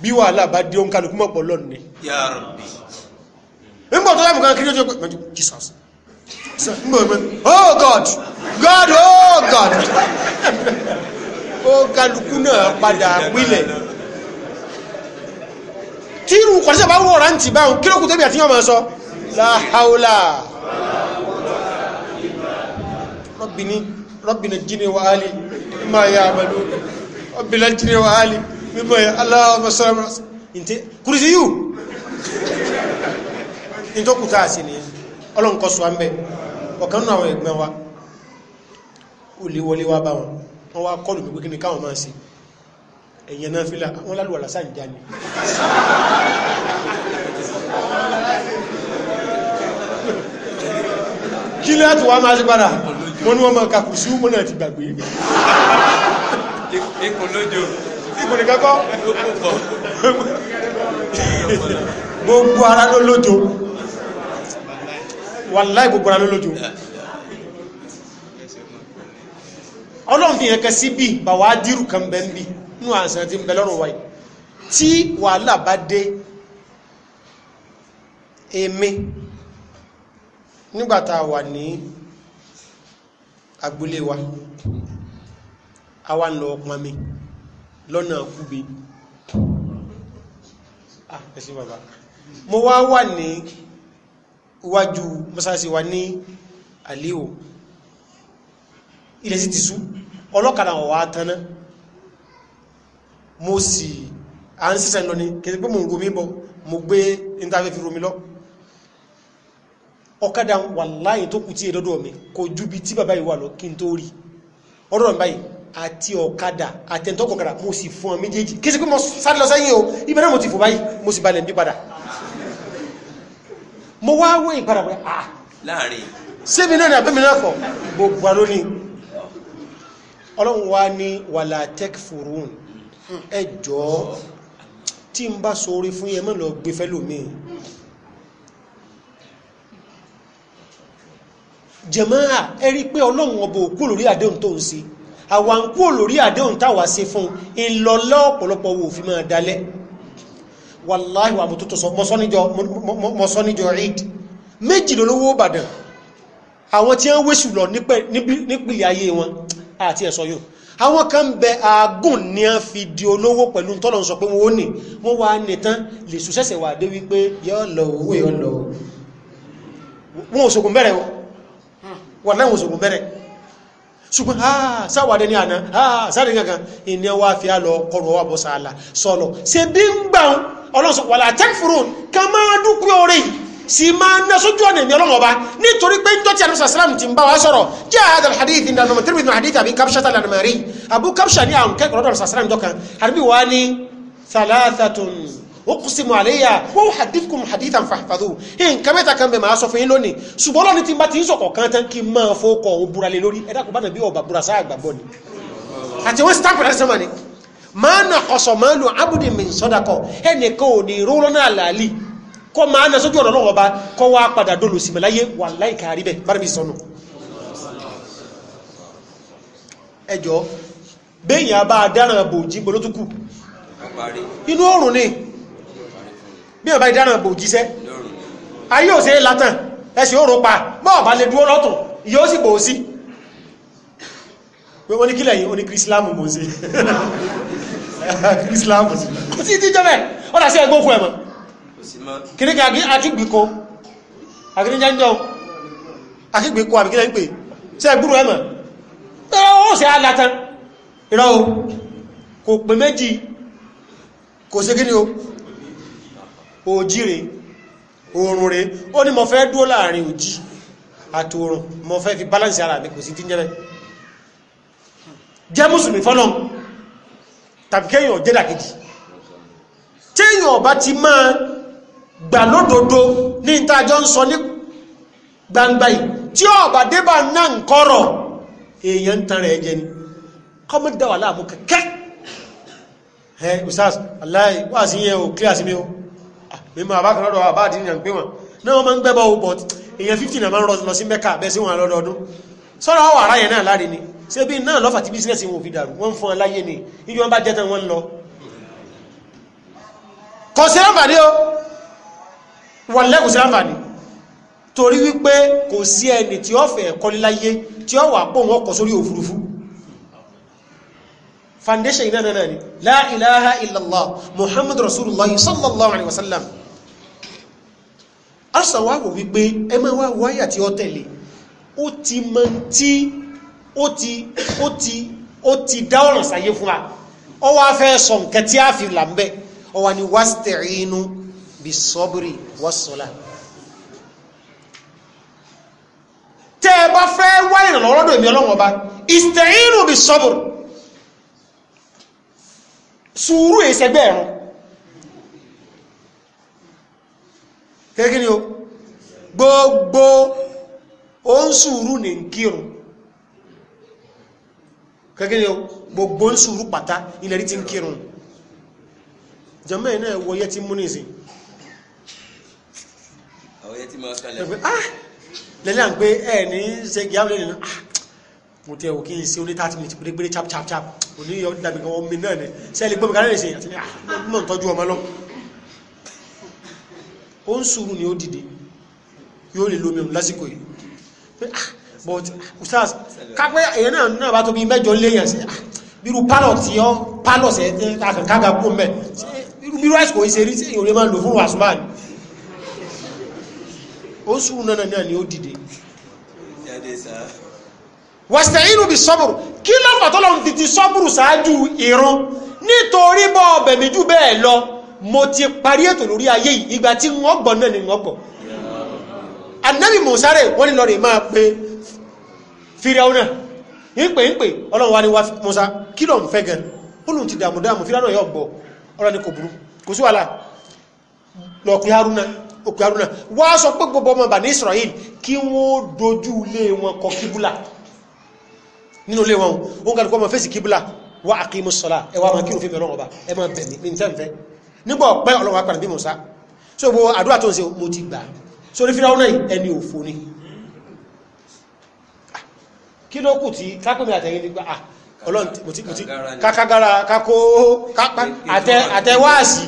bí wàhálà bá dé oúnkàlùkù mọ̀pọ̀ lọ́nà ni. nígbà tó lábùkán kí ní ó jẹ́ pé oh god god oh god ó oh, kálukú náà padà wílẹ̀ tí irú kọ̀ọ̀sẹ̀ bá wọ̀ rántí báwọn kí ló kù tóbi àtìyàn máa sọ láhàólà rọ́bìnrin rọ́bìnà jíne wa áàlì mímọ̀ ya àmàlú rọ́bìnà jíne wa áàlì mímọ̀ ya aláwọ̀ sọ́rọ̀ kùrìsí yìí ní tó kù táà sí nìyẹn ọlọ́run kọ́ sọ àmbẹ̀ ọ̀kan nínú àwọn ẹ̀gbọ́n wa ó lè wọlé wá bá wọn wọ́n wá kọlù pípé kíni káwọn máa ṣe ẹ̀yẹn náà fílà wọ́n lálùwà lásán já ni kí lẹ́yà tó wá máa ṣe padà wọ́n ní wọ́n máa kàkù sí wọ́n náà ti gbàgbé gbogbo ara ló lójó wàláì gbogbo ara lólójú ọlọ́run fi yẹn kẹ sí bí bàwá dírù kan bẹ́ ń bí nú àṣà ti ń bẹ lọ́rùn wáyé tí wàhálà bá dé èmi nígbàtà wà ní agboolé wa àwa ń lọ ọpọn mi lọ́nà kúbe ah ẹ sí bàbá mo wá wà ní iwájú mọ́sáàsì wa ní àlíò ilẹ̀ sí ti sú ọlọ́kadà ọ̀wà tanná mo sì à ń sísẹ̀ lọ ní kìí pé mo ń romi bọ mo gbé ìntàfẹ́ fi romi lọ ọ̀kadà wàláhì tó kù tí èdọ́dọ̀ mi kò ju bí tí bàbá yìí lọ kí n tó rí ọdọ́ àti ọ̀kadà àtẹ̀ntọ́kọ̀kadà mo sì fún ọ méjèèjì kìí sí pé mo sáré lọ sẹ́yìn o ibẹ̀ mo ti fò báyìí mo sì balẹ̀ ń bí padà mo wá wé ìpadà pé ah láàrin síbi náà nàbẹ́mi náà kọ̀ gbogbo alóní ọlọ́run wá ní wàlá tech furun ẹ jọ tí n bá sórí fún yẹn mọ́ lọ gbé fẹ́ lómi jẹ̀máà ẹ rí pé ọlọ́run ọba òkú lórí àdéhùn tó ń ṣe àwọn kú lórí àdéhùn táwa ṣe fún un ńlọlọ́ ọ̀pọ̀lọpọ̀ wò fi máa dalẹ́ wàláhì wà mútútù mọ́sọ́níjọ eid méjìlélówó ìbàdàn àwọn tí wọ́n wéṣù lọ nípìlẹ̀ ayé wọn àti ẹ̀sọ́ yóò àwọn kan bẹ àágùn ní a fi di olówó pẹ̀lú tọ́lọ̀ sọ pé wọ́n ní wọ́n wá nìtán lè ṣùṣẹ́sẹ̀ wà dé wípé yọ́ lọ owó yọ́ lọ wọn òṣògùn bẹ̀rẹ̀ wọn náà òṣògùn bẹ̀rẹ̀ ṣùgbọ́n sáwàdé ah, ní àná sáwàdé ah, ní kankan ìní wa fi á lọ ọrọ̀ wa bọ̀ sáàlà sọ̀lọ̀ ṣe bí ń gbà ń ọlọ́sọ̀ wàlá àtẹ́kùfúrò ká máa dúpẹ́ orí sì máa ná sójú ọ̀nà ìní ọlọ́mọba nítorí pé njọ́ tí anúṣà sàlám ti ń bá wa sọ̀rọ̀ jẹ́ àádọ́ hadith ní anamọ̀ tẹ́lẹ̀ nínú hadith àbí kapsha tala namari abu kapsha ní àwọn kẹ́kọ̀ọ́ lọ́dọ̀ sàlám jọ kan àdúgbò wa ní thalathatun uqsimu alayya wa uhaddithukum hadithan fahfadhuhu nǹkan mẹ́ta kan bẹ̀ máa sọ fún yín lónìí ṣùgbọ́n lónìí tí n bá ti ń sọ̀kọ̀ kan tán kí n máa fọkọ̀ òun búra lé lórí ẹ̀dá kò bá nàbí ọba búra sáà gbàgbọ́ ni àti wọ́n sì tápẹ̀lẹ́ sọ́mọ́ ni máa nà ọ̀sọ̀ máa lu abudi min sadaqa ẹnìkan ò ní rúrọ́ náà làálì kọ́ máa na sójú ọ̀rọ̀ lọ́wọ́ inú ọ̀rùn ni bí ọba ìdáná bò jíṣẹ́ ayé ò ṣe látàn ẹsẹ̀ ó ropa bọ́ ọba lè dúró lọ́tùn yóò sì bò ó sí pé wọ́n ní kílẹ̀ yìí ó ní kírísílámù mò ń ṣe kírísílámù sí kò sí tíjọ́ bẹ́ẹ̀ ó dà sí ẹgbẹ́ òkú ẹ̀mọ́ kìnnìkan àtúgbìkọ àkìnnìjẹ́njọ́ àkígbìkọ àbíkílẹ̀ ń pè sí ẹgbúrú ẹ̀mọ́ ó ṣe alátàn ìrọ̀ o kò pè méjì kò ṣe kí ni o òjìrè oòrùn rẹ̀ ó ní mo fẹ́ dúró láàrin òjì àti oòrùn mo fẹ́ fi balance ara mi kò sí tí ń jẹ́bẹ̀ jẹ́ mùsùlùmí fọ́lọ́n tàbí kéèyàn jẹ́dà kejì téèyàn ọba ti máa gbà lódodo ní ìtajọ́ ń sọ ní gbangba yìí tí ọba débà náà ń kọ́rọ̀ èèyàn ń tan rẹ̀ jẹ ni kọ́mọ́ dáwà láàmú kẹ́kẹ́ ẹ̀ usas aláì wáàsí yẹn ò kíláàsì mi o mímọ̀ àbákan lọ́dọ̀ àbá àdínyàn pé wọn náà wọ́n máa ń gbẹ́bọ̀ ó bọ̀t èèyàn 15 náà máa ń lọ sí mẹ́ka bẹ́ẹ̀ sí wọn lọ́dọọdún sọ́rọ̀ àwọn ará yẹn náà láre ni ṣé bí náà lọ́fà tí bísínẹ́sì wọn ò fi dàrú wọ́n ń fún ọ láyé ni níbi wọn bá jẹ́ tán wọ́n ń lọ. kò sí àǹfààní o wọ́n lẹ́kùn sí àǹfààní torí wípé kò sí ẹni tí ó fẹ́ kọ́lé láyé tí ó wà pọ̀ wọn kọ̀ sórí foundation iná náà ni la ilaha illallah muhammadu rasulullah sallallahu alaihi wasallam asàwáwò wípé ẹ máa wá wáyà tí ó tẹ̀lé ó ti mọ tí ó ti ó ti ó ti dá ọ̀ràn sáyé fún wa ọ wá fẹ́ sọ nǹkan tí a fi là ń bẹ ọ wá ní wasta'inu bis-sabri was-salah. tẹ́ ẹ bá fẹ́ wá ìrànlọ́wọ́ lọ́dọ̀ èmi ọlọ́wọ́n ọba ista'inu bis-sabr sùúrù èsẹ̀gbẹ́ ẹ̀rùn kéèkì ni o gbogbo ó ń sùúrù ní kírun kéèkì ni o gbogbo ń sùúrù pátá ilẹ̀ rí ti ń kírun jẹ́mọ́ ẹ̀ náà wọ́yẹ́ tí mú nìsín ah! lẹ́lẹ́ à ń pé ẹ̀ ní ṣe gíáwó lẹ́nu ah! mo tẹ́ òkè sí oní 30 minutes pérépéré chap chap chap òní yọ dàbí kan omi náà ní sẹ́ẹ̀lì gbọ́mìkan lẹ́sìn àti ní àwọn náà tọ́jú ọmọ lọ́wọ́ ó ń sùúrù ni ó dìde yóò lè lómi òun lásìkò yìí pé ah but usas kápẹ́ èyàn náà náà bá tó bí mẹ́jọ léyàn sí ah, bírú pálọ̀ tí ó pálọ̀ sẹ́ kága kú mẹ́ bírú àìsìkò ìṣerí tí èyàn lè máa lò fún wàsùmá ni ó sùúrù náà náà ni ó dìde wàstẹ̀yìnù bí sọ́bùrù kí lọ́pàá tọ́lọ́ ti ti sọ́bùrù ṣáájú ìrun nítorí bọ́ ọbẹ̀ méjì bẹ́ẹ̀ lọ mo ti parí ètò lórí ayé yìí ìgbà tí wọ́n gbọ́ náà ni wọ́n gbọ́ anabi musa rẹ̀ wọ́n ní lọ́rẹ̀ máa pe firaona ń pè ń pè ọlọ́run wa ni wa musa kí ló ń fẹ́ gan olùn ti dààmú dààmú firaona yóò gbọ́ ọ̀rọ̀ ni kò burú kò sí wàhálà lọ pe haruna òkè haruna wá sọ pé gbogbo ọmọ bà ní israel kí wọ́n dojú ilé wọn kọ kíbúlà nínú ilé wọn òun kàdùkọ́ ọmọ fèsì kíbúlà wá àkímù sọ́lá ẹ máa kírun fífi nígbà ọ̀pẹ́ ọlọ́run apàdé bí Mùsá so gbogbo àdúrà tó ń ṣe mo ti gbà so ní fíráwọ́ náà ẹni òfo ni kí ló kù tí kákòmí àtẹ̀yìn nígbà ah ọlọ́run mo ti mo ti kákágára kákó àtẹwáàsì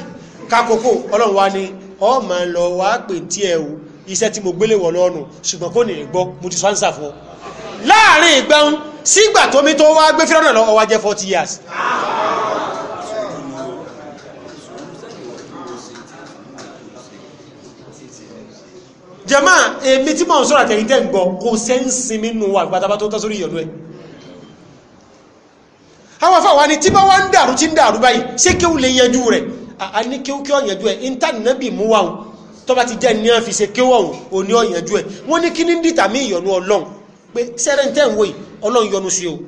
kákòókò ọlọ́run wa ni ọ ma lọ wá pè tí ẹ o iṣẹ́ tí mo gbélé wọ̀ lọ́nu ṣùgbọ́n kò ní gbọ́ mo sígbà tómi tó wá gbé fíráwọ́ lọ ọwá jẹ́ forty years. Ah. jama èmi tí mò ń sọ̀rọ̀ àtẹ̀yìn tẹ́ ń gbọ́ kò sẹ́ǹsì nínú wa ìgbàtàbà tó tọ́ sórí ìyọ̀nú ẹ̀ àwọn afọ àwọn ni tí bá wá ń dàrú tí ń dàrú báyìí ṣé kéwù lè yanjú rẹ̀ a ní kéwù kí ọ̀yanjú ẹ̀ intanẹ́bì mú wa tó bá ti jẹ́ ní àfi ṣe kéwù ọ̀hún ò ní ọ̀yanjú ẹ̀ wọ́n ní kí ní dìtà mí ìyọ̀nú ọlọ́run pé sẹ́rẹ̀ ń ń wò yìí ọlọ́run yọ́nú sí o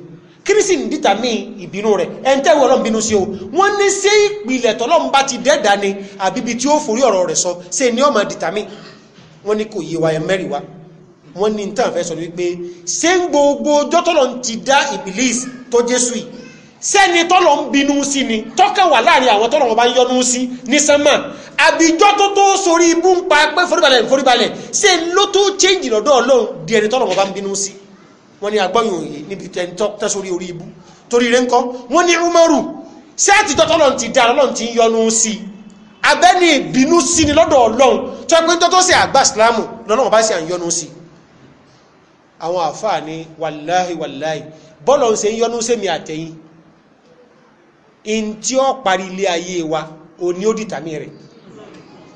kírísì ń dìtà mí ìbínú rẹ̀ ẹ̀ ń ọlọ́run bínú sí o wọ́n ní ṣé ìpìlẹ̀ tọ́lọ́run bá ti dẹ́ẹ̀dá ni àbíbi tí ó forí ọ̀rọ̀ rẹ̀ sọ ṣe ni ọmọ dìtà mí wọ́n ní kò yé wa ẹ̀ mẹ́rin wa wọ́n ní tàn fẹ́ sọ wípé ṣé ń gbogbo ọjọ́ tọ́lọ̀ ń ti dá ìbílíìs tó jésù yìí sẹ́ni tọ́lọ̀ ń binú sí ni tọ́kẹ́ wà láàrin àwọn tọ́lọ̀ wọn bá ń yọnú sí ní sánmà àbíjọ́ tó tó sórí ibú ń pa pé foríbalẹ̀ foríbalẹ̀ ṣé ló tó chéǹjì lọ́dọ̀ ọlọ́run di ẹni tọ́lọ̀ wọn bá ń binú sí wọ́n ní agbọ́yìn òye níbi tẹ́ni sórí orí ibú torí rẹ̀ wọ́n ní Umaru ṣé àtijọ́ tọ́lọ̀ ń ti dá ọlọ́run ti ń yọnú sí i abẹ́ni ìbínú sí ni lọ́dọ̀ ọlọ́run tó ẹ pé tó tó ṣe àgbà ìsìlámù lọ́nà wọn bá ṣe àyọnu sí àwọn àfáà ni wàláhì wàláhì bọ́ọ̀lù ṣe ń yọnu sí mi àtẹ̀yìn in tí ó parí ilé ayé wa ò ní ó dìtà mí rẹ̀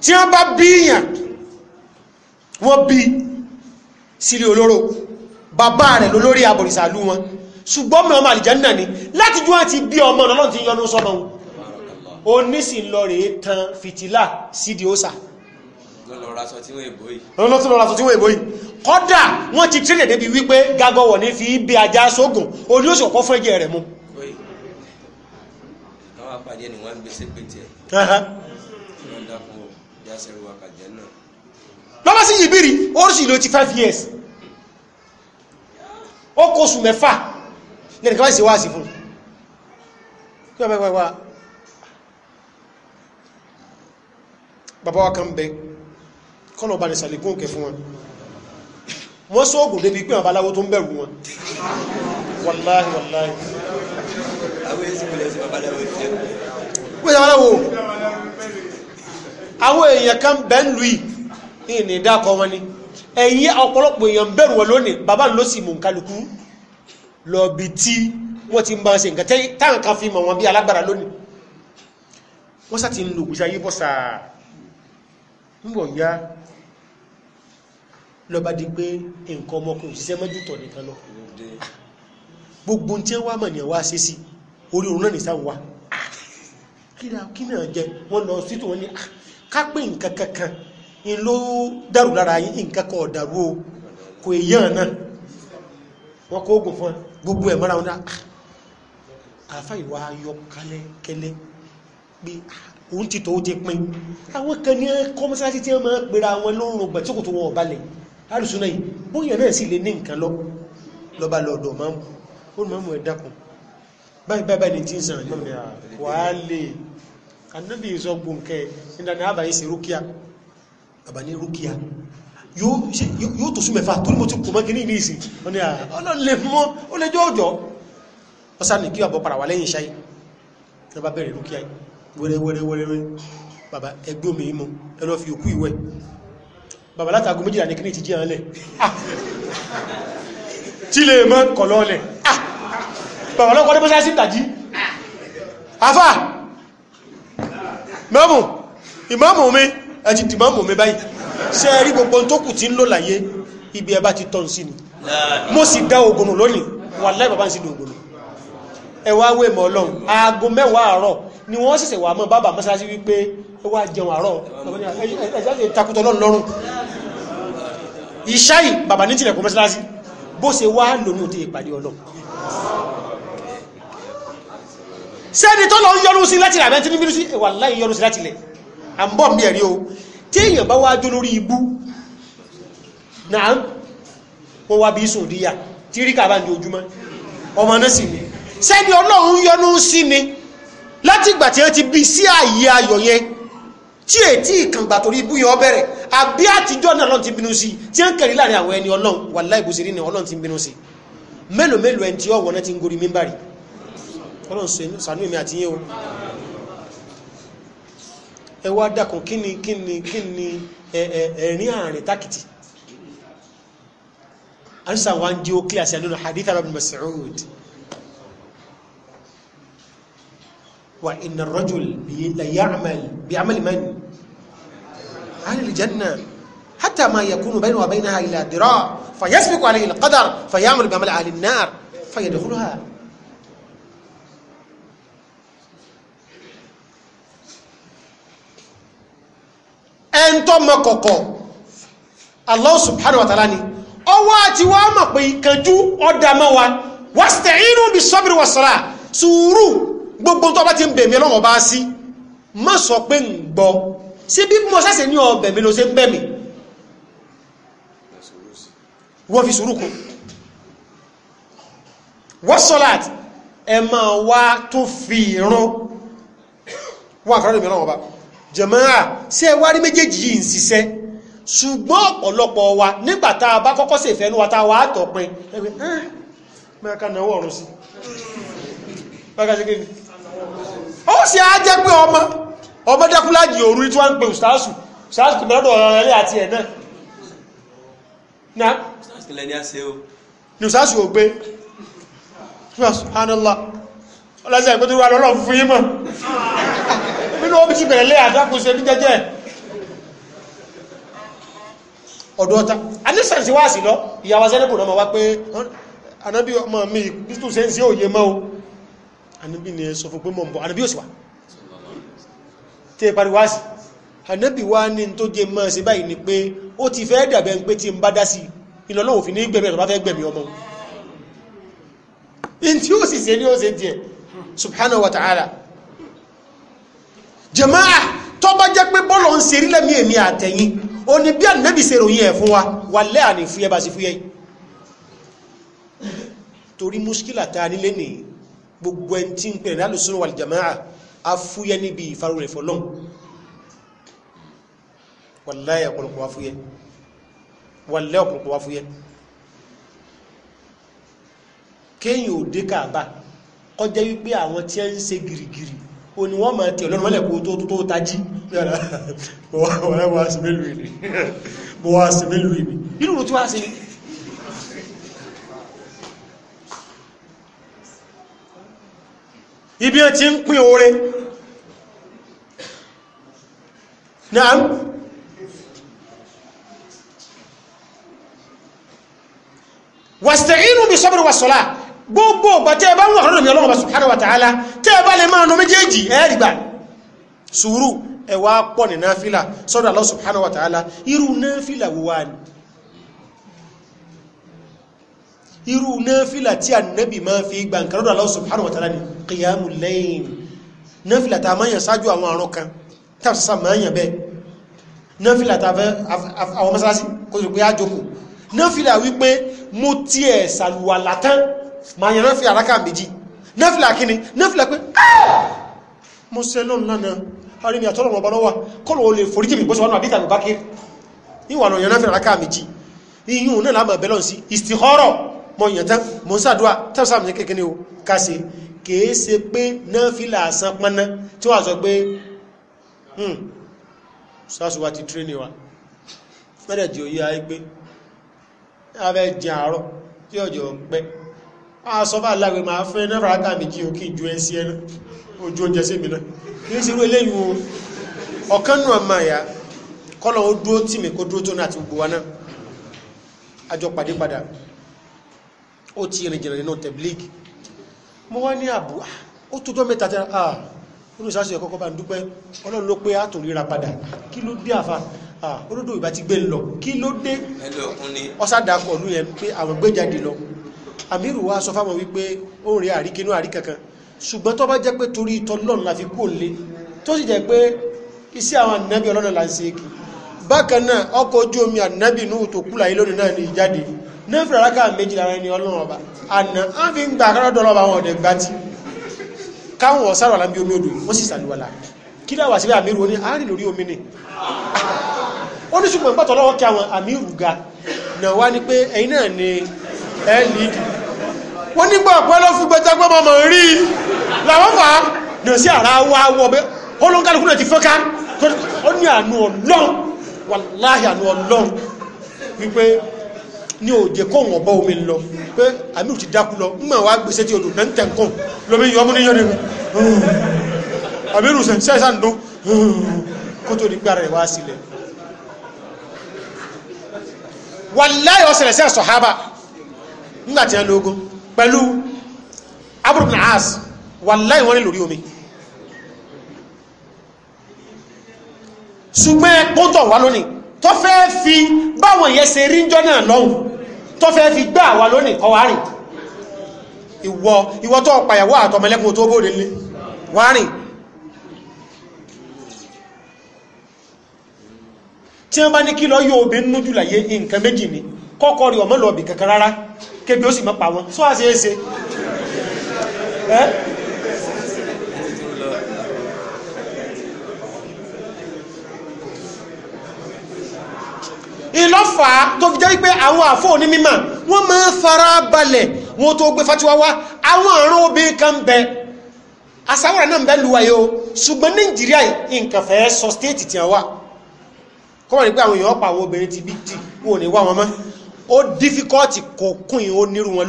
tí wọ́n bá bíyàn wọ́n bí sílé olóró bàbá rẹ̀ lólórí abọ̀rìṣàlú wọn ṣùgbọ́n mi ọmọ àlìjẹ́ náà ni láti jú wọn bí ọmọ ọlọ́run ti yọnu sọ́mọ wọn onísìnlọrẹ̀ tan fìtílà sídi òsà lọ́lọ́túnlọ́rasọ tí wọ́n èbó yìí kọ́dà wọ́n ti tírẹ̀ débi wípé gagọwọ̀ ní fi bí ajá sógùn orí ó sì ọ̀pọ̀ fún ẹ̀jẹ̀ rẹ̀ mu lọ́bá sí ìbírí oríṣìí ló ti 5 years ó kóṣù mẹ́fà lẹ́nìkan wá sí wá sí fún kí wọ́n mẹ́fà bàbá wa kan bẹ kọ́nà ọba ní sàlẹ̀gùn òkè fún wọn wọ́n sóògùn débi pé àbáláwo tó ń bẹ̀rù wọn wàláhì wàláhì àwọn èsì pẹ̀lẹ̀ sí babaláwo jẹ́ pẹ̀lẹ̀ babaláwo àwọn èèyàn kan bẹ́ẹ̀ lù í ní ìdákọ̀ wọn ni ẹ̀yìn ọ̀pọ̀lọpọ̀ èèyàn bẹ̀rù wọn lónìí bàbá ló sì mú kálukú lọ bí tí wọ́n ti ń bá ṣe nǹkan táwọn fi mọ̀ wọn bí alágbára lónìí wọ́n sá ti ń lò gbèsè ayé bọ́sàá ńgbọ̀ ya lọba di pé nǹkan ọmọkùnrin òṣìṣẹ́ mọ́jútọ̀ nìkan lọ gbogbo tí wọ́n mọ̀ ní ẹ̀wà ṣe sí orí òun náà nìsá wà kí náà jẹ wọ́n lọ sí ní ah, kápẹ́ nǹkan kankan in ló dàrú lára yín nǹkan kan ọ̀dàrú o kò èyàn náà wọ́n kó fún gbogbo ẹ̀ mọ́ra wọn ah, pé ah, òun ti tó ti pin àwọn kan ní kọmọsáàtì tí wọ́n máa pèrà àwọn lóòrùn gbà tí kò tó wọ́n balẹ̀ alùsùnà yìí bóyá náà sì lè ní nǹkan lọ lọ́ba lọ́dọ̀ máa mú ó máa mú ẹ dákun báyìí báyìí báyìí ní tí ń sàn ìmọ̀ mi wàá lè anábì sọ gbòǹkẹ nígbàdàn àbáyé sí rúkìá àbáyé rúkìá yóò tó sún mẹ́fà tó ní mo ti ni ọlọ́lẹ̀ mọ́ ó lẹ́jọ́ ọjọ́ ọ̀sán ní kí ọ̀bọ̀ padà wà lẹ́yìn iṣẹ́ yìí ní wẹ́rẹ́wẹ́rẹ́wẹ́rẹ́ bàbá ẹgbẹ́ omi mú ẹlọ́ fi òkú ìwẹ̀ bàbá látàgùn méjìlá ní kíní ti jí ànlẹ̀ tí lè mọ́ kọ̀lọ́ọ̀lẹ̀ bàbá lọ́kọ́ dẹ́bọ́sá sí tàjí afá mọ́mù ìmọ́mù mi ẹ̀jì dìmọ́mù mi báyìí ṣe rí gbogbo tó kù tí ń lò láyé ibi ẹbá ti tọ́n sí ni mo sì dá ogunù lónìí wà láì bàbá ń sí ogunù ẹwà wé mọ́ ọlọ́run aago mẹ́wàá àárọ̀ ni wọ́n ṣẹ̀ṣẹ̀ wà mọ́ bàbá mọ́sálásí wípé ẹ wá jẹun àárọ̀ ẹ takùtọ̀ lọ́rùn lọ́rùn ìṣáì bàbá ní tilẹ̀kùn mọ́sálásí bó ṣe wá lónìí òtí ìpàdé ọlọ́ sẹ́ni tó lọ ń yọrù sí láti ràbẹ́ tí ní bínú sí wà láì yọrù sí láti o tí èèyàn bá wá jó lórí ibú náà wọ́n wá bí sòdíyà tí rí kàbá ní ojúmọ́ ọmọ náà sì ni sẹ́ni ọlọ́run yọnu sí ni láti ìgbà tí wọ́n ti bí sí ààyè ayọ̀ yẹn tí ètí ìkàngbà torí ibú yẹn bẹ̀rẹ̀ àbí àtijọ́ náà lọ́n ti bínú sí tí wọ́n kẹ̀rí láàrin àwọn ẹni ọlọ́run wàláhì bó ṣe rí ni ọlọ́run ti bínú sí mélòó mélòó ẹni tí ọ̀wọ́ náà ti ń gorí mímbàrí ọlọ́run ṣàánú èmi àti yín o ẹ wá dákun kí ni kí ni kí ni ẹ̀rín àárín tákìtì ansa wa ń jẹ́ ó kílíà sí àdúrà hadith ibn Mas'ud wa inna ar-rajul la ya'mal bi 'amali man ahli al-janna hatta ma yakunu baynahu wa baynaha illa dira' fayasbiqu alayhi al-qadar fay'amalu bi 'amali ahli an-nar fayadkhuluha ẹn tó Allah subhanahu wa ta'ala ni ọwọ́ àti wọ́n mọ̀ pé ìkànjú ọ̀dàmọ́ wa wasta'inu bis-sabri was-salah sùúrù gbogbo tó bá ti ń bẹ̀mí ọlọ́wọ́ bá sí má sọ pé ń gbọ́ sí bí mo sẹ́sẹ̀ ní ọbẹ̀ mi ló ṣe ń bẹ̀mí wọ́n fi sùúrù kún wọ́n sọ́láàtì ẹ máa wá tó fi ìrún wọ́n àkàrà ìmì ọlọ́wọ́ bá jẹ̀mọ́ra sí ẹ wá rí méjèèjì yìí ń ṣiṣẹ́ ṣùgbọ́n ọ̀pọ̀lọpọ̀ wa nígbà tá a bá kọ́kọ́ ṣèfẹ́ ní wa tá a wà á tọ̀pin ẹgbẹ́ mẹ́ka náwó ọ̀run sí mẹ́ka ṣe kéde ó sì á jẹ́ pé ọmọ ọmọ dẹ́kúlájì òru tí wọ́n ń pe ustaasu ustaasu tó mẹ́rọ́dọ̀ ọ̀rọ̀ ẹlẹ́ àti ẹ̀ náà na ni ustaasu ò gbé subhanallah ọlọ́sẹ̀ ìpótó wà lọ́lọ́ fún yín mọ̀ nínú omi sí bẹ̀rẹ̀ lé àdákùnṣe ní jẹ́jẹ́ ọ̀dọ̀ ọ̀ta anísànsíwáàsì lọ ìyàwó sẹ́lẹ̀bù náà wá pé anábí ọmọ mi kristu sẹ́ńsí òye mọ́ o ànábì ni sọ fún pé mọ̀ ń bọ̀ ànábì òsùwà tí ẹ pariwo àsì ànábì wa ní tó jẹ mọ́ ṣe báyìí ni pé ó ti fẹ́ dàbẹ̀ pé tí n bá dá sí ìlọ́lọ́ òfin ní gbẹ̀mí ọ̀tọ̀ bá fẹ́ gbẹ̀mí ọmọ in tí ó sì ṣe ní wa wa wà lẹ́ àní fúyẹ́ bá sí fúyẹ́ muskila ta nílé nìyí gbogbo ẹni tí ń pè ní alùsùn wal jama'a afúyẹ́ níbi ìfarò rẹ̀ fọlọ́n wàláyé ọ̀pọ̀lọpọ̀ afúyẹ́ wàláyé ọ̀pọ̀lọpọ̀ afúyẹ́ kéyìn òde kàbá kọjá wípé àwọn tí ń ṣe gìrìgìrì o ni wọ́n máa tẹ̀ ọlọ́run mọ́lẹ̀ kó tó tó tají bọ́wọ́ sí mélòó ìní inú ló tí wá ibi ẹ̀ ti ń pín oore náà wàstẹ̀rínú bí sọ́bìrì wà sọ́lá gbogbo ọgbàtẹ́ bá ń wà rọ̀rọ̀ mi ọlọ́run subhanahu wa ta'ala tẹ́ bá lè máa nọ méjèèjì ẹ̀rìgbà sùúrù ẹ̀wà pọ̀ ní náfílà sọ́dọ̀ irú náfìlà tí ànábì máa fi gba nǹkan lọ́dọ̀ Allah subhanahu wa ta'ala ni qiyamu layl náfìlà tá a máa yàn ṣáájú àwọn àrùn kan tá a sàmà yàn bẹ́ẹ̀ náfìlà tá àwọn mọ́sálásí kó sì pé á jókòó náfìlà wípé mo tiẹ̀ sàlùwàlà tán máa yàn náfìlà rákà méjì náfìlà kíni náfìlà pé ah! mo ṣe lónìí lánàá arìnrìn àtọ́lọ̀ ọba lọ́wà kọ́lọ̀ olè foríjì mi bọ́sọ̀wọ́n àbíkà mọ yàn tán mọ sàdúà tán sáà mi kékeré o ká ṣe kìí ṣe pé náà fi làásán pọnná tí wọ́n sọ pé sásùwà hmm, ti tírénì wa mẹ́rẹ̀ jẹ́ òyí ayé pé abẹ́ jẹ àárọ̀ tí ọjọ́ pẹ́ a sọ bá lágbé máa fẹ́ náà rákà méjì o kí ju ẹsí ẹnu ojú oúnjẹ sí mìíràn kìí ṣe irú eléyìí o ọ̀kan nù àmà ìyá kọ́lọ̀ ó dúró tì mí kó dúró tó náà àti gbogbo wa náà àjọ pàdé padà ó ti rìn jìnà nínú tẹ̀blík mo wá ní àbú ah, ó tójọ́ mẹ́ta tẹ́ àà ah, olùsáṣẹ́ kọ́kọ́ bá ń dúpẹ́ ọlọ́run ló pé àtò ríra padà kí ló dé àfa ah, olódò ìbá ti gbé lọ kí ló dé ọ̀sádàkọ̀ ló yẹn pé àwọn gbéjáde lọ àmírù wa sọ fáwọn wípé ó rí àríkínú àríkankan ṣùgbọ́n tó bá jẹ́ pé torí tọ́lọ́run la fi kó lé tó sì jẹ́ pé iṣẹ́ àwọn ànábì ọlọ́run là ń ṣe kì bákan náà ọkọ̀ ojú omi ànábì nù tó láyé lónìí náà ní ìjáde náfìlà rákà méjì lára ẹni ọlọ́run ọba àná á fi ń gba akárọ́dọ̀ ọlọ́ba wọn ọ̀dẹ̀ gbá tí káwọn ọ̀sára lábí omi odò wọ́n sì sàlùwàlà kí láwà sílẹ̀ omi ní ṣùgbọ́n pàtó lọ́wọ́ kí àwọn àmì ga na wá ni ẹ̀ wa wípé ní òjè kó wọn bọ́ omi lọ pé àmì òtí dákú lọ ń mọ̀ wá gbèsè tí odò náà ń tẹ̀ nǹkan lómi yọ ọmọ níyọ nínú àmì ìrùsẹ̀ ṣẹ́ sàǹdó kó tó di pé ara wá sílẹ̀ wàláyé ọ̀sẹ̀lẹ̀ sí àṣọ̀hábà nígbà tí wọ́n lo ogun pẹ̀lú As wàláyé wọ́n ní lórí omi ṣùgbọ́n pọ́ntọ̀ wà lónìí tó fẹ́ fi báwọn yẹn ṣe rí jọ náà lọ́hùn tó fẹ́ fi gbá àwa lónìí kọ́ wá rìn ìwọ ìwọ tó pàyàwó àtọmọlẹ́kùn tó bóde lé wá rìn tí wọ́n bá ní kí lọ yóò obìnrin nújù láyé nǹkan méjì ni kọ́kọ́ rí ọmọ lọ́ọ̀bì kankan rárá kébi ó sì mọ́ pa wọn sọ́ àṣeéṣe ẹ́ ìlọ́fà tó fi jẹ́ wípé àwọn àfọ́ òní mímọ̀ wọ́n máa fara balẹ̀ wọ́n tó gbé fatiwa wá àwọn àrùn obìnrin kan bẹ asáwọ̀rẹ̀ náà bẹ́ ṣùgbọ́n nàìjíríà nǹkan sọ stéètì tí wà pé àwọn èèyàn pa obìnrin ti bí tí ní wá wọn mọ́ ó dífíkọ́ọ̀tì ìhó nírú wọn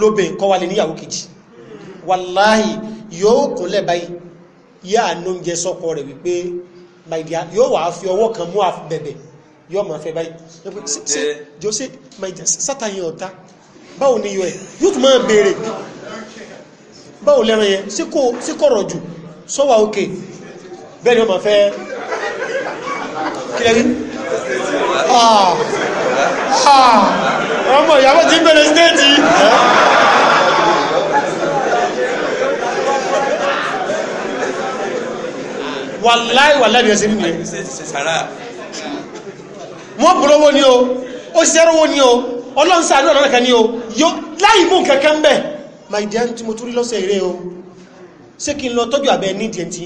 níyàwó kejì wàláhì yóò báyìí yá àánú sọ́kọ rẹ̀ kan mú àbẹ̀bẹ̀ yóò máa fẹ́ báyìí ṣe jose maija sátàyàn ọ̀tá báwo ni yọ ẹ̀ yóò tún máa béèrè báwo lẹ́ran yẹn sí kò rọ̀jù sọ́wà òkè bẹ́ẹ̀ ni wọ́n máa fẹ́ kí lẹ́rí ah. ah. ọmọ ìyàwó ti ń bẹ̀rẹ̀ stéèjì wàláì wàláì bí ẹ ṣe nìyẹn wọ́n bùrọ́wọ́ ni o ó ṣẹ́rọ́wọ́ ni o ọlọ́run sáà lọ́nà kan ni o láì mú kankan bẹ́ẹ̀ my dear tí mo tún rí lọ́sẹ̀ eré o ṣé kí n lọ tọ́jú àbẹ́ ní ìdíẹ̀ tí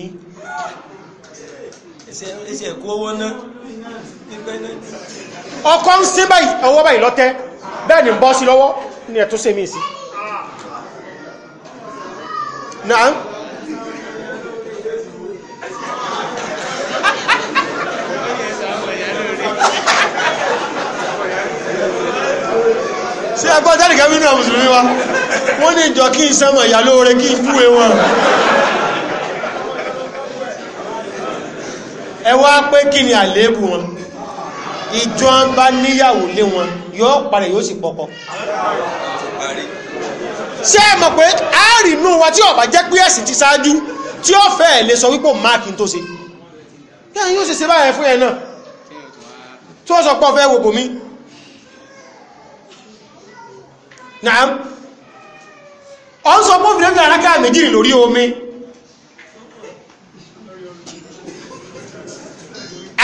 ọkọ̀ ń sí báyìí ọwọ́ báyìí lọ́tẹ́ bẹ́ẹ̀ ni bọ́ sí lọ́wọ́ ni ẹ̀tún sẹ́mi sí náà ẹgbọ́ tẹ́lìkẹ́ nínú àmùsùlùmí wa wọ́n ní ìjọ kí n sánmọ̀ ìyá lóore kí n júwe wọn ẹ pé kí ni àléébù wọn ìjọ bá níyàwó lé wọn yóò parẹ̀ yóò sì pọkọ ṣé ẹ mọ̀ pé àárínú wa tí ọba jẹ́ pé ẹ̀sìn ti ṣáájú tí ó fẹ́ lè sọ wípé máàkì tó ṣe yóò ṣe ṣe báyẹn fún ẹ náà tí wọ́n sọ pé fẹ́ wò bòmí naam ọ ń sọ pé ní àrákà méjìlì lórí omi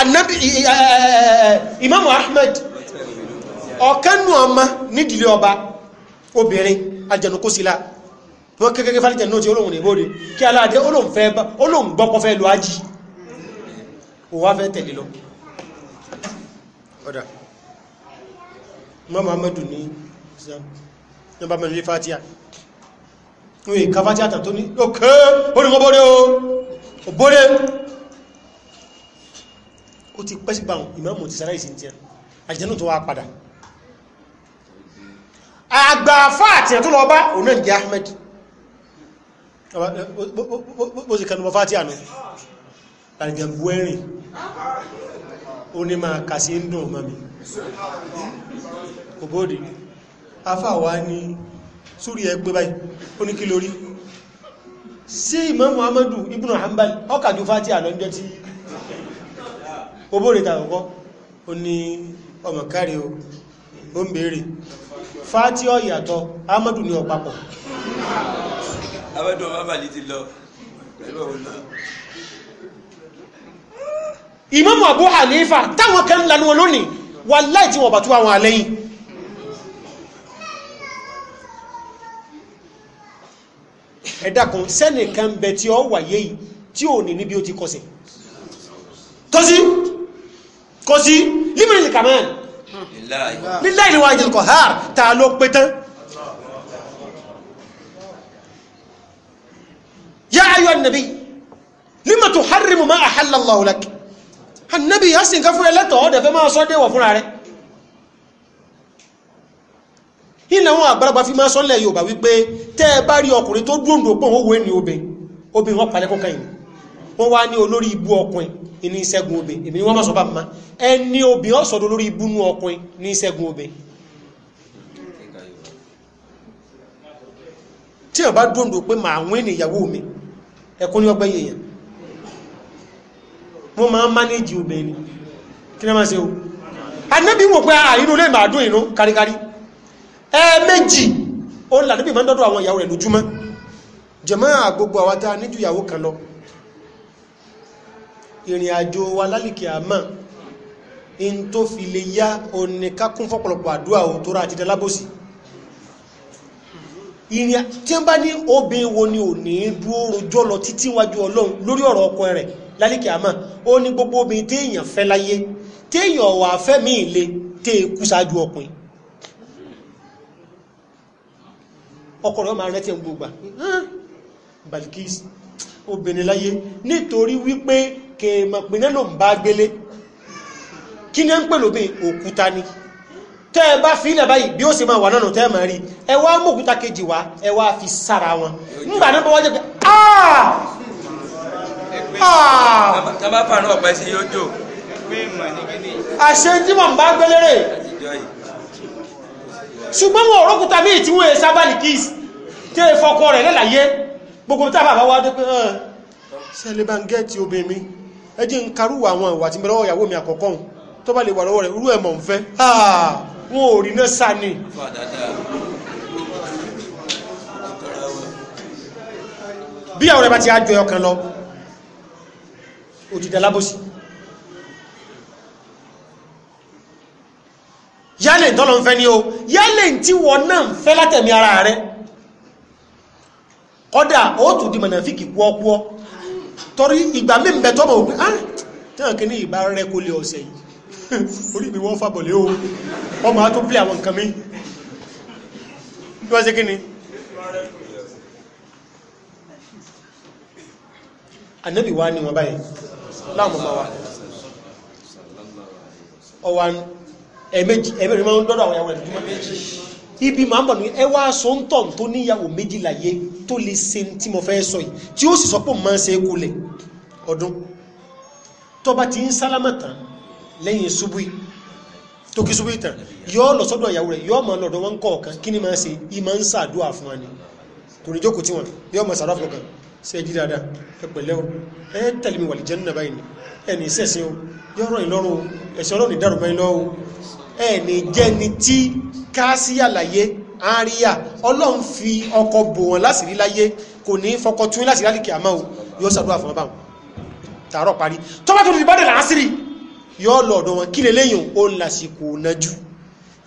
anabi ahmed ọba obìnrin fàájẹ̀ náà tí olóhun kí aláàdé olóhun gbọ́pọ̀ fẹ́ lọ o wá fẹ́ tẹ̀lé lọ ọ̀dá ní ọba mẹ́rin fàtíà ní ìka fàtíà tàbí tó ní òkè orígbó o bóre ó ti pẹ́ sí báwọn ti sára ìsìn tí a àjẹ́nù tó wá padà àgbà fàtíà tó lọ bá òun Ahmed bó sì kẹnu fàtíà nù àjẹ̀gbù ẹ̀rìn ó ní máa kà sí ń dùn mi òbódìí afáwà ní súrí ẹgbẹ́ báyìí ó ní kí lórí sí Imam Muhammadu ibn Hanbal ọkàjú fati àlọ́njọ́ tí ó bóre tàkọ́kọ́ ó ní ọmọ kárí o ó ń béèrè fati ọ̀yàtọ̀ Ahmadu ní ọ̀pápọ̀ Ahmadu ọ̀pápàlì ti Imam Abu Hanifa táwọn kan lanu olónìí wà láì tí wọ́n àlẹ́yìn ẹ̀dàkùn sẹ́nìkan bẹ tí ó wàyé yìí tí ò ní níbi ó ti kọsẹ̀ tọ́sí kọsí límìnì kàmán nílá ìlú wájú kọ̀ ha ta ló pé tán yá ayọ́ nàbí lima tuharrimu ma ahalla Allahu lak annabi fún ẹlẹ́tọ̀ọ́ dẹ̀fẹ́ máa sọ́dẹ̀wọ̀ fúnra rẹ̀ ìlà àwọn àgbàlagbà fi máa sọ́lẹ̀ Yorùbá wípé tẹ́ ẹ bá rí ọkùnrin tó dúró dòpọ̀ owó ẹni obìn obìn wọn palẹ́ kọ́kàn yìí wọ́n wá ní olórí ibú ọkùnrin ní ìṣẹ́gun obìn èmi ni wọ́n mọ̀ sọ bá mọ́ ẹni obìn ọ̀sọ̀dọ̀ olórí ibú nú ọkùnrin ní ìṣẹ́gun obìn tí wọ́n bá dúró dòpọ̀ máa wọ́n ní ìyàwó mi ẹkún ní ọgbẹ́ yẹn wọ́n máa ń mánéjì obìn ni kí ni wọ́n máa ṣe o anábì wò pé àìnú ah, lè máa dún ìnú káríkárí ẹ̀ẹ̀mejì ó ń lànàbì máa ń dọ́dọ̀ àwọn ìyàwó rẹ̀ lójúmọ́ jẹ̀mọ́ àgbogbo àwọn tá a níjú ìyàwó kan lọ ìrìn àjò wa lálìkì àmọ́ in tó fi lè yá oníkákún fọ́pọ̀lọpọ̀ àdúrà òtòrò àti dalábòsì ìrìn tí ń bá ní obìn wo ni ò ní dúró rojọ́ lọ títí wájú ọlọ́run lórí ọ̀rọ̀ ọkọ rẹ̀ lálìkì àmọ́ ó ní gbogbo obìn téèyàn fẹ́ láyé téèyàn wà fẹ́ mí ìle téèkú ṣáájú ọkùnrin ọkọ̀ rẹ̀ máa rántí ẹ̀ ń gbogbo Balkis obìnrin láyé nítorí wípé kèèmọ̀ pínlẹ̀ ló ń bá gbélé kí ní ń pè lóbi òkúta ni tẹ́ ẹ bá fi ilẹ̀ báyìí bí ó ṣe máa wà náà tẹ́ ẹ máa rí ẹ wá kejì wá ẹ fi sára wọn nígbà náà bá ṣùgbọ́n wọn ọ̀rọ̀ kúta míì tí wọ́n ẹ̀ sábàlì kìís tẹ́ ẹ fọkọ rẹ̀ lẹ́làyé gbogbo tá bàbá wá dé pé ẹ̀ sẹ́lẹ̀ bá ń gẹ́ ti obìnrin mi ẹ jẹ́ ń karúwà àwọn ìwà tí mẹ́rọ ìyàwó mi àkọ́kọ́ tó bá lè wà lọ́wọ́ rẹ̀ ni. bí àwọn rẹ̀ bá ti á jọ ọkàn lọ òjìdá yálẹ̀ ìtọ́lọ̀ ń fẹ́ ní o yálẹ̀ tí wọ́n náà ń fẹ́ látẹ̀mí ara rẹ̀ kọ́dà ó tún di mọ̀nàfíkì kúọ́kúọ́ torí ìgbà mí bẹ tọ́mọ̀ òpin á ah, tẹ́wọ̀n kí ní ìbá rẹ̀ kó lè ọ̀sẹ̀ yìí orí mi wọ́n fàbọ̀lé o wọ́n máa tó pílẹ̀ àwọn nǹkan mi wọ́n ṣe kí ni ànábì wa ni wọ́n báyìí láwọn wa ọwọ́ ẹ̀ẹ̀mejì ẹ̀ẹ̀mejì máa ń dọ́dọ̀ àwọn ìyàwó ẹ̀ lójúmọ́ ibi máa ń bọ̀ ní ẹ wá aṣọ ń tọ̀ tó níyàwó méjì láyé tó lè ṣe tí mo fẹ́ sọ yìí tí ó sì sọ pé máa ń ṣe é kulẹ̀ ọdún tó bá ti ń sálámà tán lẹ́yìn ṣubú tó kí ṣubú tán yọ́ lọ sọ́dọ̀ ìyàwó rẹ̀ yọ́ máa lọ́dọ̀ wọn kọ̀ọ̀kan kí ni máa ṣe ìmọ̀ ń ṣàdúrà fún wa ni kò ní jókòó tí wọn yọ́ máa ṣàdúrà fún wa kan sí ẹjí dáadáa ẹ pẹ̀lẹ́ o ẹ tẹ̀lé mi wàlì jẹ́nà báyìí ni ẹ ní sẹ̀sẹ̀ o yọ ọ̀rọ̀ ìlọ́run ẹ̀sẹ̀ ọlọ́run ìdárò báyìí lọ́wọ́ ẹ ní jẹ́ni tí káásí àlàyé àríyá ọlọ́run fi ọkọ̀ bò wọ́n láṣìírí láyé kò ní fọkọ tún láṣìírí láti kìámà o yóò ṣàdúrà fún ọba wọn tààrọ̀ parí tọ́ba tó ti kí lè léyìn ó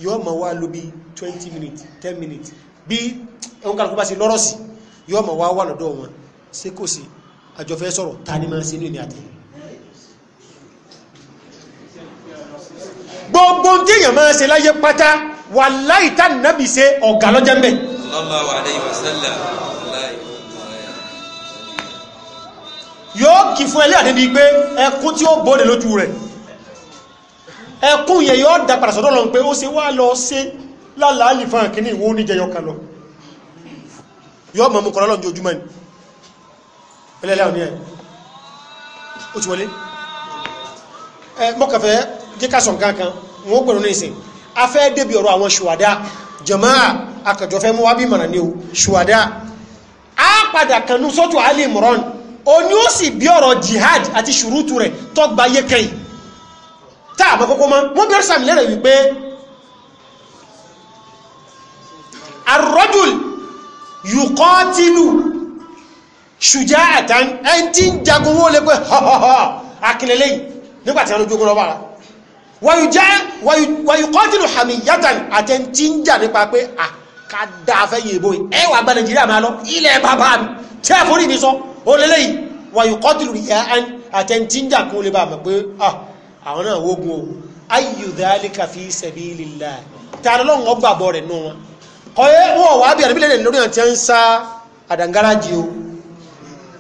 yóò mọ̀ wá lóbi twenty minutes ten minutes bí ẹ̀hún kálukú bá ṣe lọ́rọ̀ sí yóò wá wà lọ́dọ̀ wọn ṣé kò sí àjọfẹ́ sọ̀rọ̀ ta ni máa ṣe ní ìní àtẹ. gbogbo ohun tí èèyàn máa ṣe láyé pátá wàláhì tá nàbì ṣe ọ̀gá lọ́jọ́ ń bẹ̀. sallallahu alaihi wasallam yóò kì fún ẹlẹ́ àdébí pé ẹkún tí ó bóde lójú rẹ̀ ẹkún yẹn yóò dá padà sọ́dọ̀ pé ó ṣe wá lọ ṣe lálàálì fún àkíní ìwó oníjẹyọ kan lọ yóò mọ̀ mú kọ́lọ́lọ́ ní ojúmọ́ ni ẹlẹ́lẹ́ òní ẹ̀ ó ti wọlé ẹ mọ́kànfẹ́ jíkàsọ̀ nǹkan kan wọ́n gbẹ̀rún ní ìsìn afẹ́ débi ọ̀rọ̀ àwọn ṣùwádá a padà kanú Ali Imran o ní jihad àti ṣùrútù rẹ̀ tọ́gba yékẹ́yì tá àmọ́ kókó mọ́ wọ́n bẹ̀rẹ̀ sàmì lẹ́rẹ̀ wípé arrajul ṣùjá àtàn ẹn tí ń jagun wó lé pé họ́họ́họ́ akìlẹ̀lẹ́ yìí nígbàtí àwọn ojú ogun bára wàyù kọ́tìlù hàmì yátàn àtẹn tí ń jà nípa pé àkàdáfẹ́ ah, yìíbo ẹwà gba nàìjíríà máa lọ ilẹ̀ bàbá mi tí a forí mi sọ olélẹ́ yìí wàyù kọ́tìlù yà àtẹn tí ń jà kó lè bá mọ̀ pé ah, àwọn náà wógun o ayyu dhalika fi sabilillah tààrà lọ́wọ́ gbàgbọ́ rẹ̀ nù wọn kọ́ ẹ wọ́n wà á bẹ̀rẹ̀ bí lẹ́yìn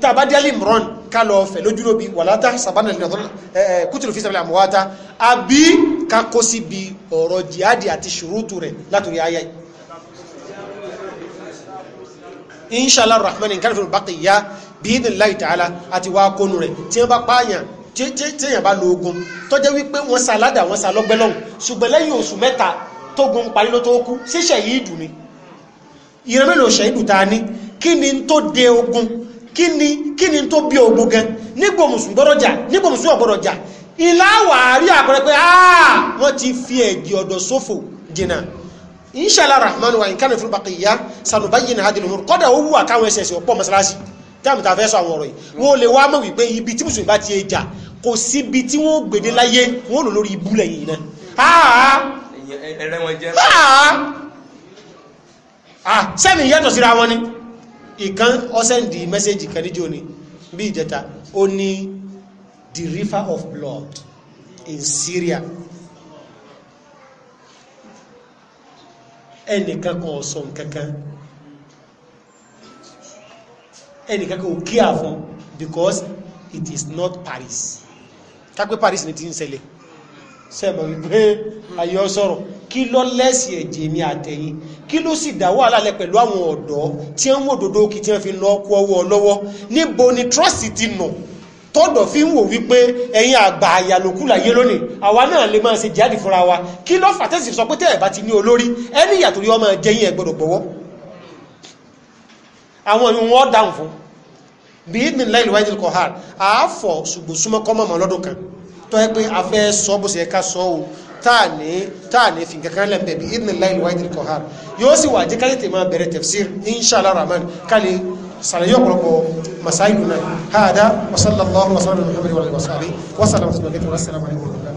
tàbádé alimron ká lọ fẹ̀ lójúlóbi wàlátà sàbánà kútùlù fi sàbílà àmúwátà àbí ká kó síbi ọ̀rọ̀ jihadi àti ṣùrùtù rẹ̀ látòrí ayé inṣàlá rahman nǹkan fún ya bí ní láì tààlà àti wá kónú rẹ̀ tí wọ́n bá pààyàn tíyàn bá lo ogun tó jẹ́ wípé wọ́n sa aládà wọ́n sa lọ́gbẹ́lọ́hùn ṣùgbọ́n lẹ́yìn oṣù mẹ́ta kí ni kí ni tó bí ogun gan nígbò mùsùn gbọ́dọ̀ jà nígbò mùsùn ọ̀gbọ́dọ̀ jà ìláwàárí àpẹẹrẹ pé áà wọ́n ti fi ẹ̀jì ọ̀dọ̀ sófò jìnà inshallah rahman wa nkan fún baqiyya sanubayyin hadhihi al-umur kódà ó wù àkáwọn ẹsẹ̀ ẹsẹ̀ ọ̀pọ̀ mọ́sálásí táàmù tá a fẹ́ sọ àwọn ọ̀rọ̀ yìí wọ́n lè wá mọ̀ wípé ibi tí mùsùlùmí bá ti ẹ sẹ́mi yàtọ̀ síra wọn ni ìkan ọ́sẹ̀ndì mẹ́sẹ̀jì kan níjó ni bí ìjẹta ó ní the river of blood in Syria ẹnìkan kan ọ̀sọ̀ nkankan ẹnìkan kan ò kíyà fún because it is not Paris kápẹ́ Paris ni ti ń ṣẹlẹ̀ sẹ́bọ̀ wípé ayọ́ sọ̀rọ̀ kí lọ lẹ́sì ẹ̀jẹ̀ mi àtẹ̀yìn kí ló sì dá wàhálà lẹ pẹ̀lú àwọn ọ̀dọ́ tí wọ́n wò dòdó kí tí wọ́n fi lọ kú ọwọ́ lọ́wọ́ níbo ni trust ti nà tọ́dọ̀ fi ń wò wípé ẹ̀yin àgbà àyàlòkù láyé lónìí àwa náà lè máa ṣe jihadi fúnra wa kí lọ́ fàtẹ́sì sọ pé tẹ́ ẹ̀ bá ti ní olórí ẹni ìyàtọ̀ yọ máa jẹ́yìn ẹ̀ gbọ́dọ̀ gbọ́wọ́ àwọn ìwọ̀n wọ́n dáhùn fún bí ìdìnlẹ́ ìlú wáyé kọ̀hár àáfọ̀ ṣùgbọ́n súnmọ́kọ́ mọ̀mọ́ lọ́dún kan tọ́ ẹ pé a fẹ́ sọ bó ṣe ká sọ o táà ní táà ní fi kankan lẹ́m̀bẹ̀ bí ibn lail wahidil qahhar yóò sì wà jẹ́ ká tètè máa bẹ̀rẹ̀ tafsir inshallah rahman ká lè sàlàyé ọ̀pọ̀lọpọ̀ masáìlú náà hada wa sallallahu wa sallam muhammadu wa sallam wa sallam wa sallam wa sallam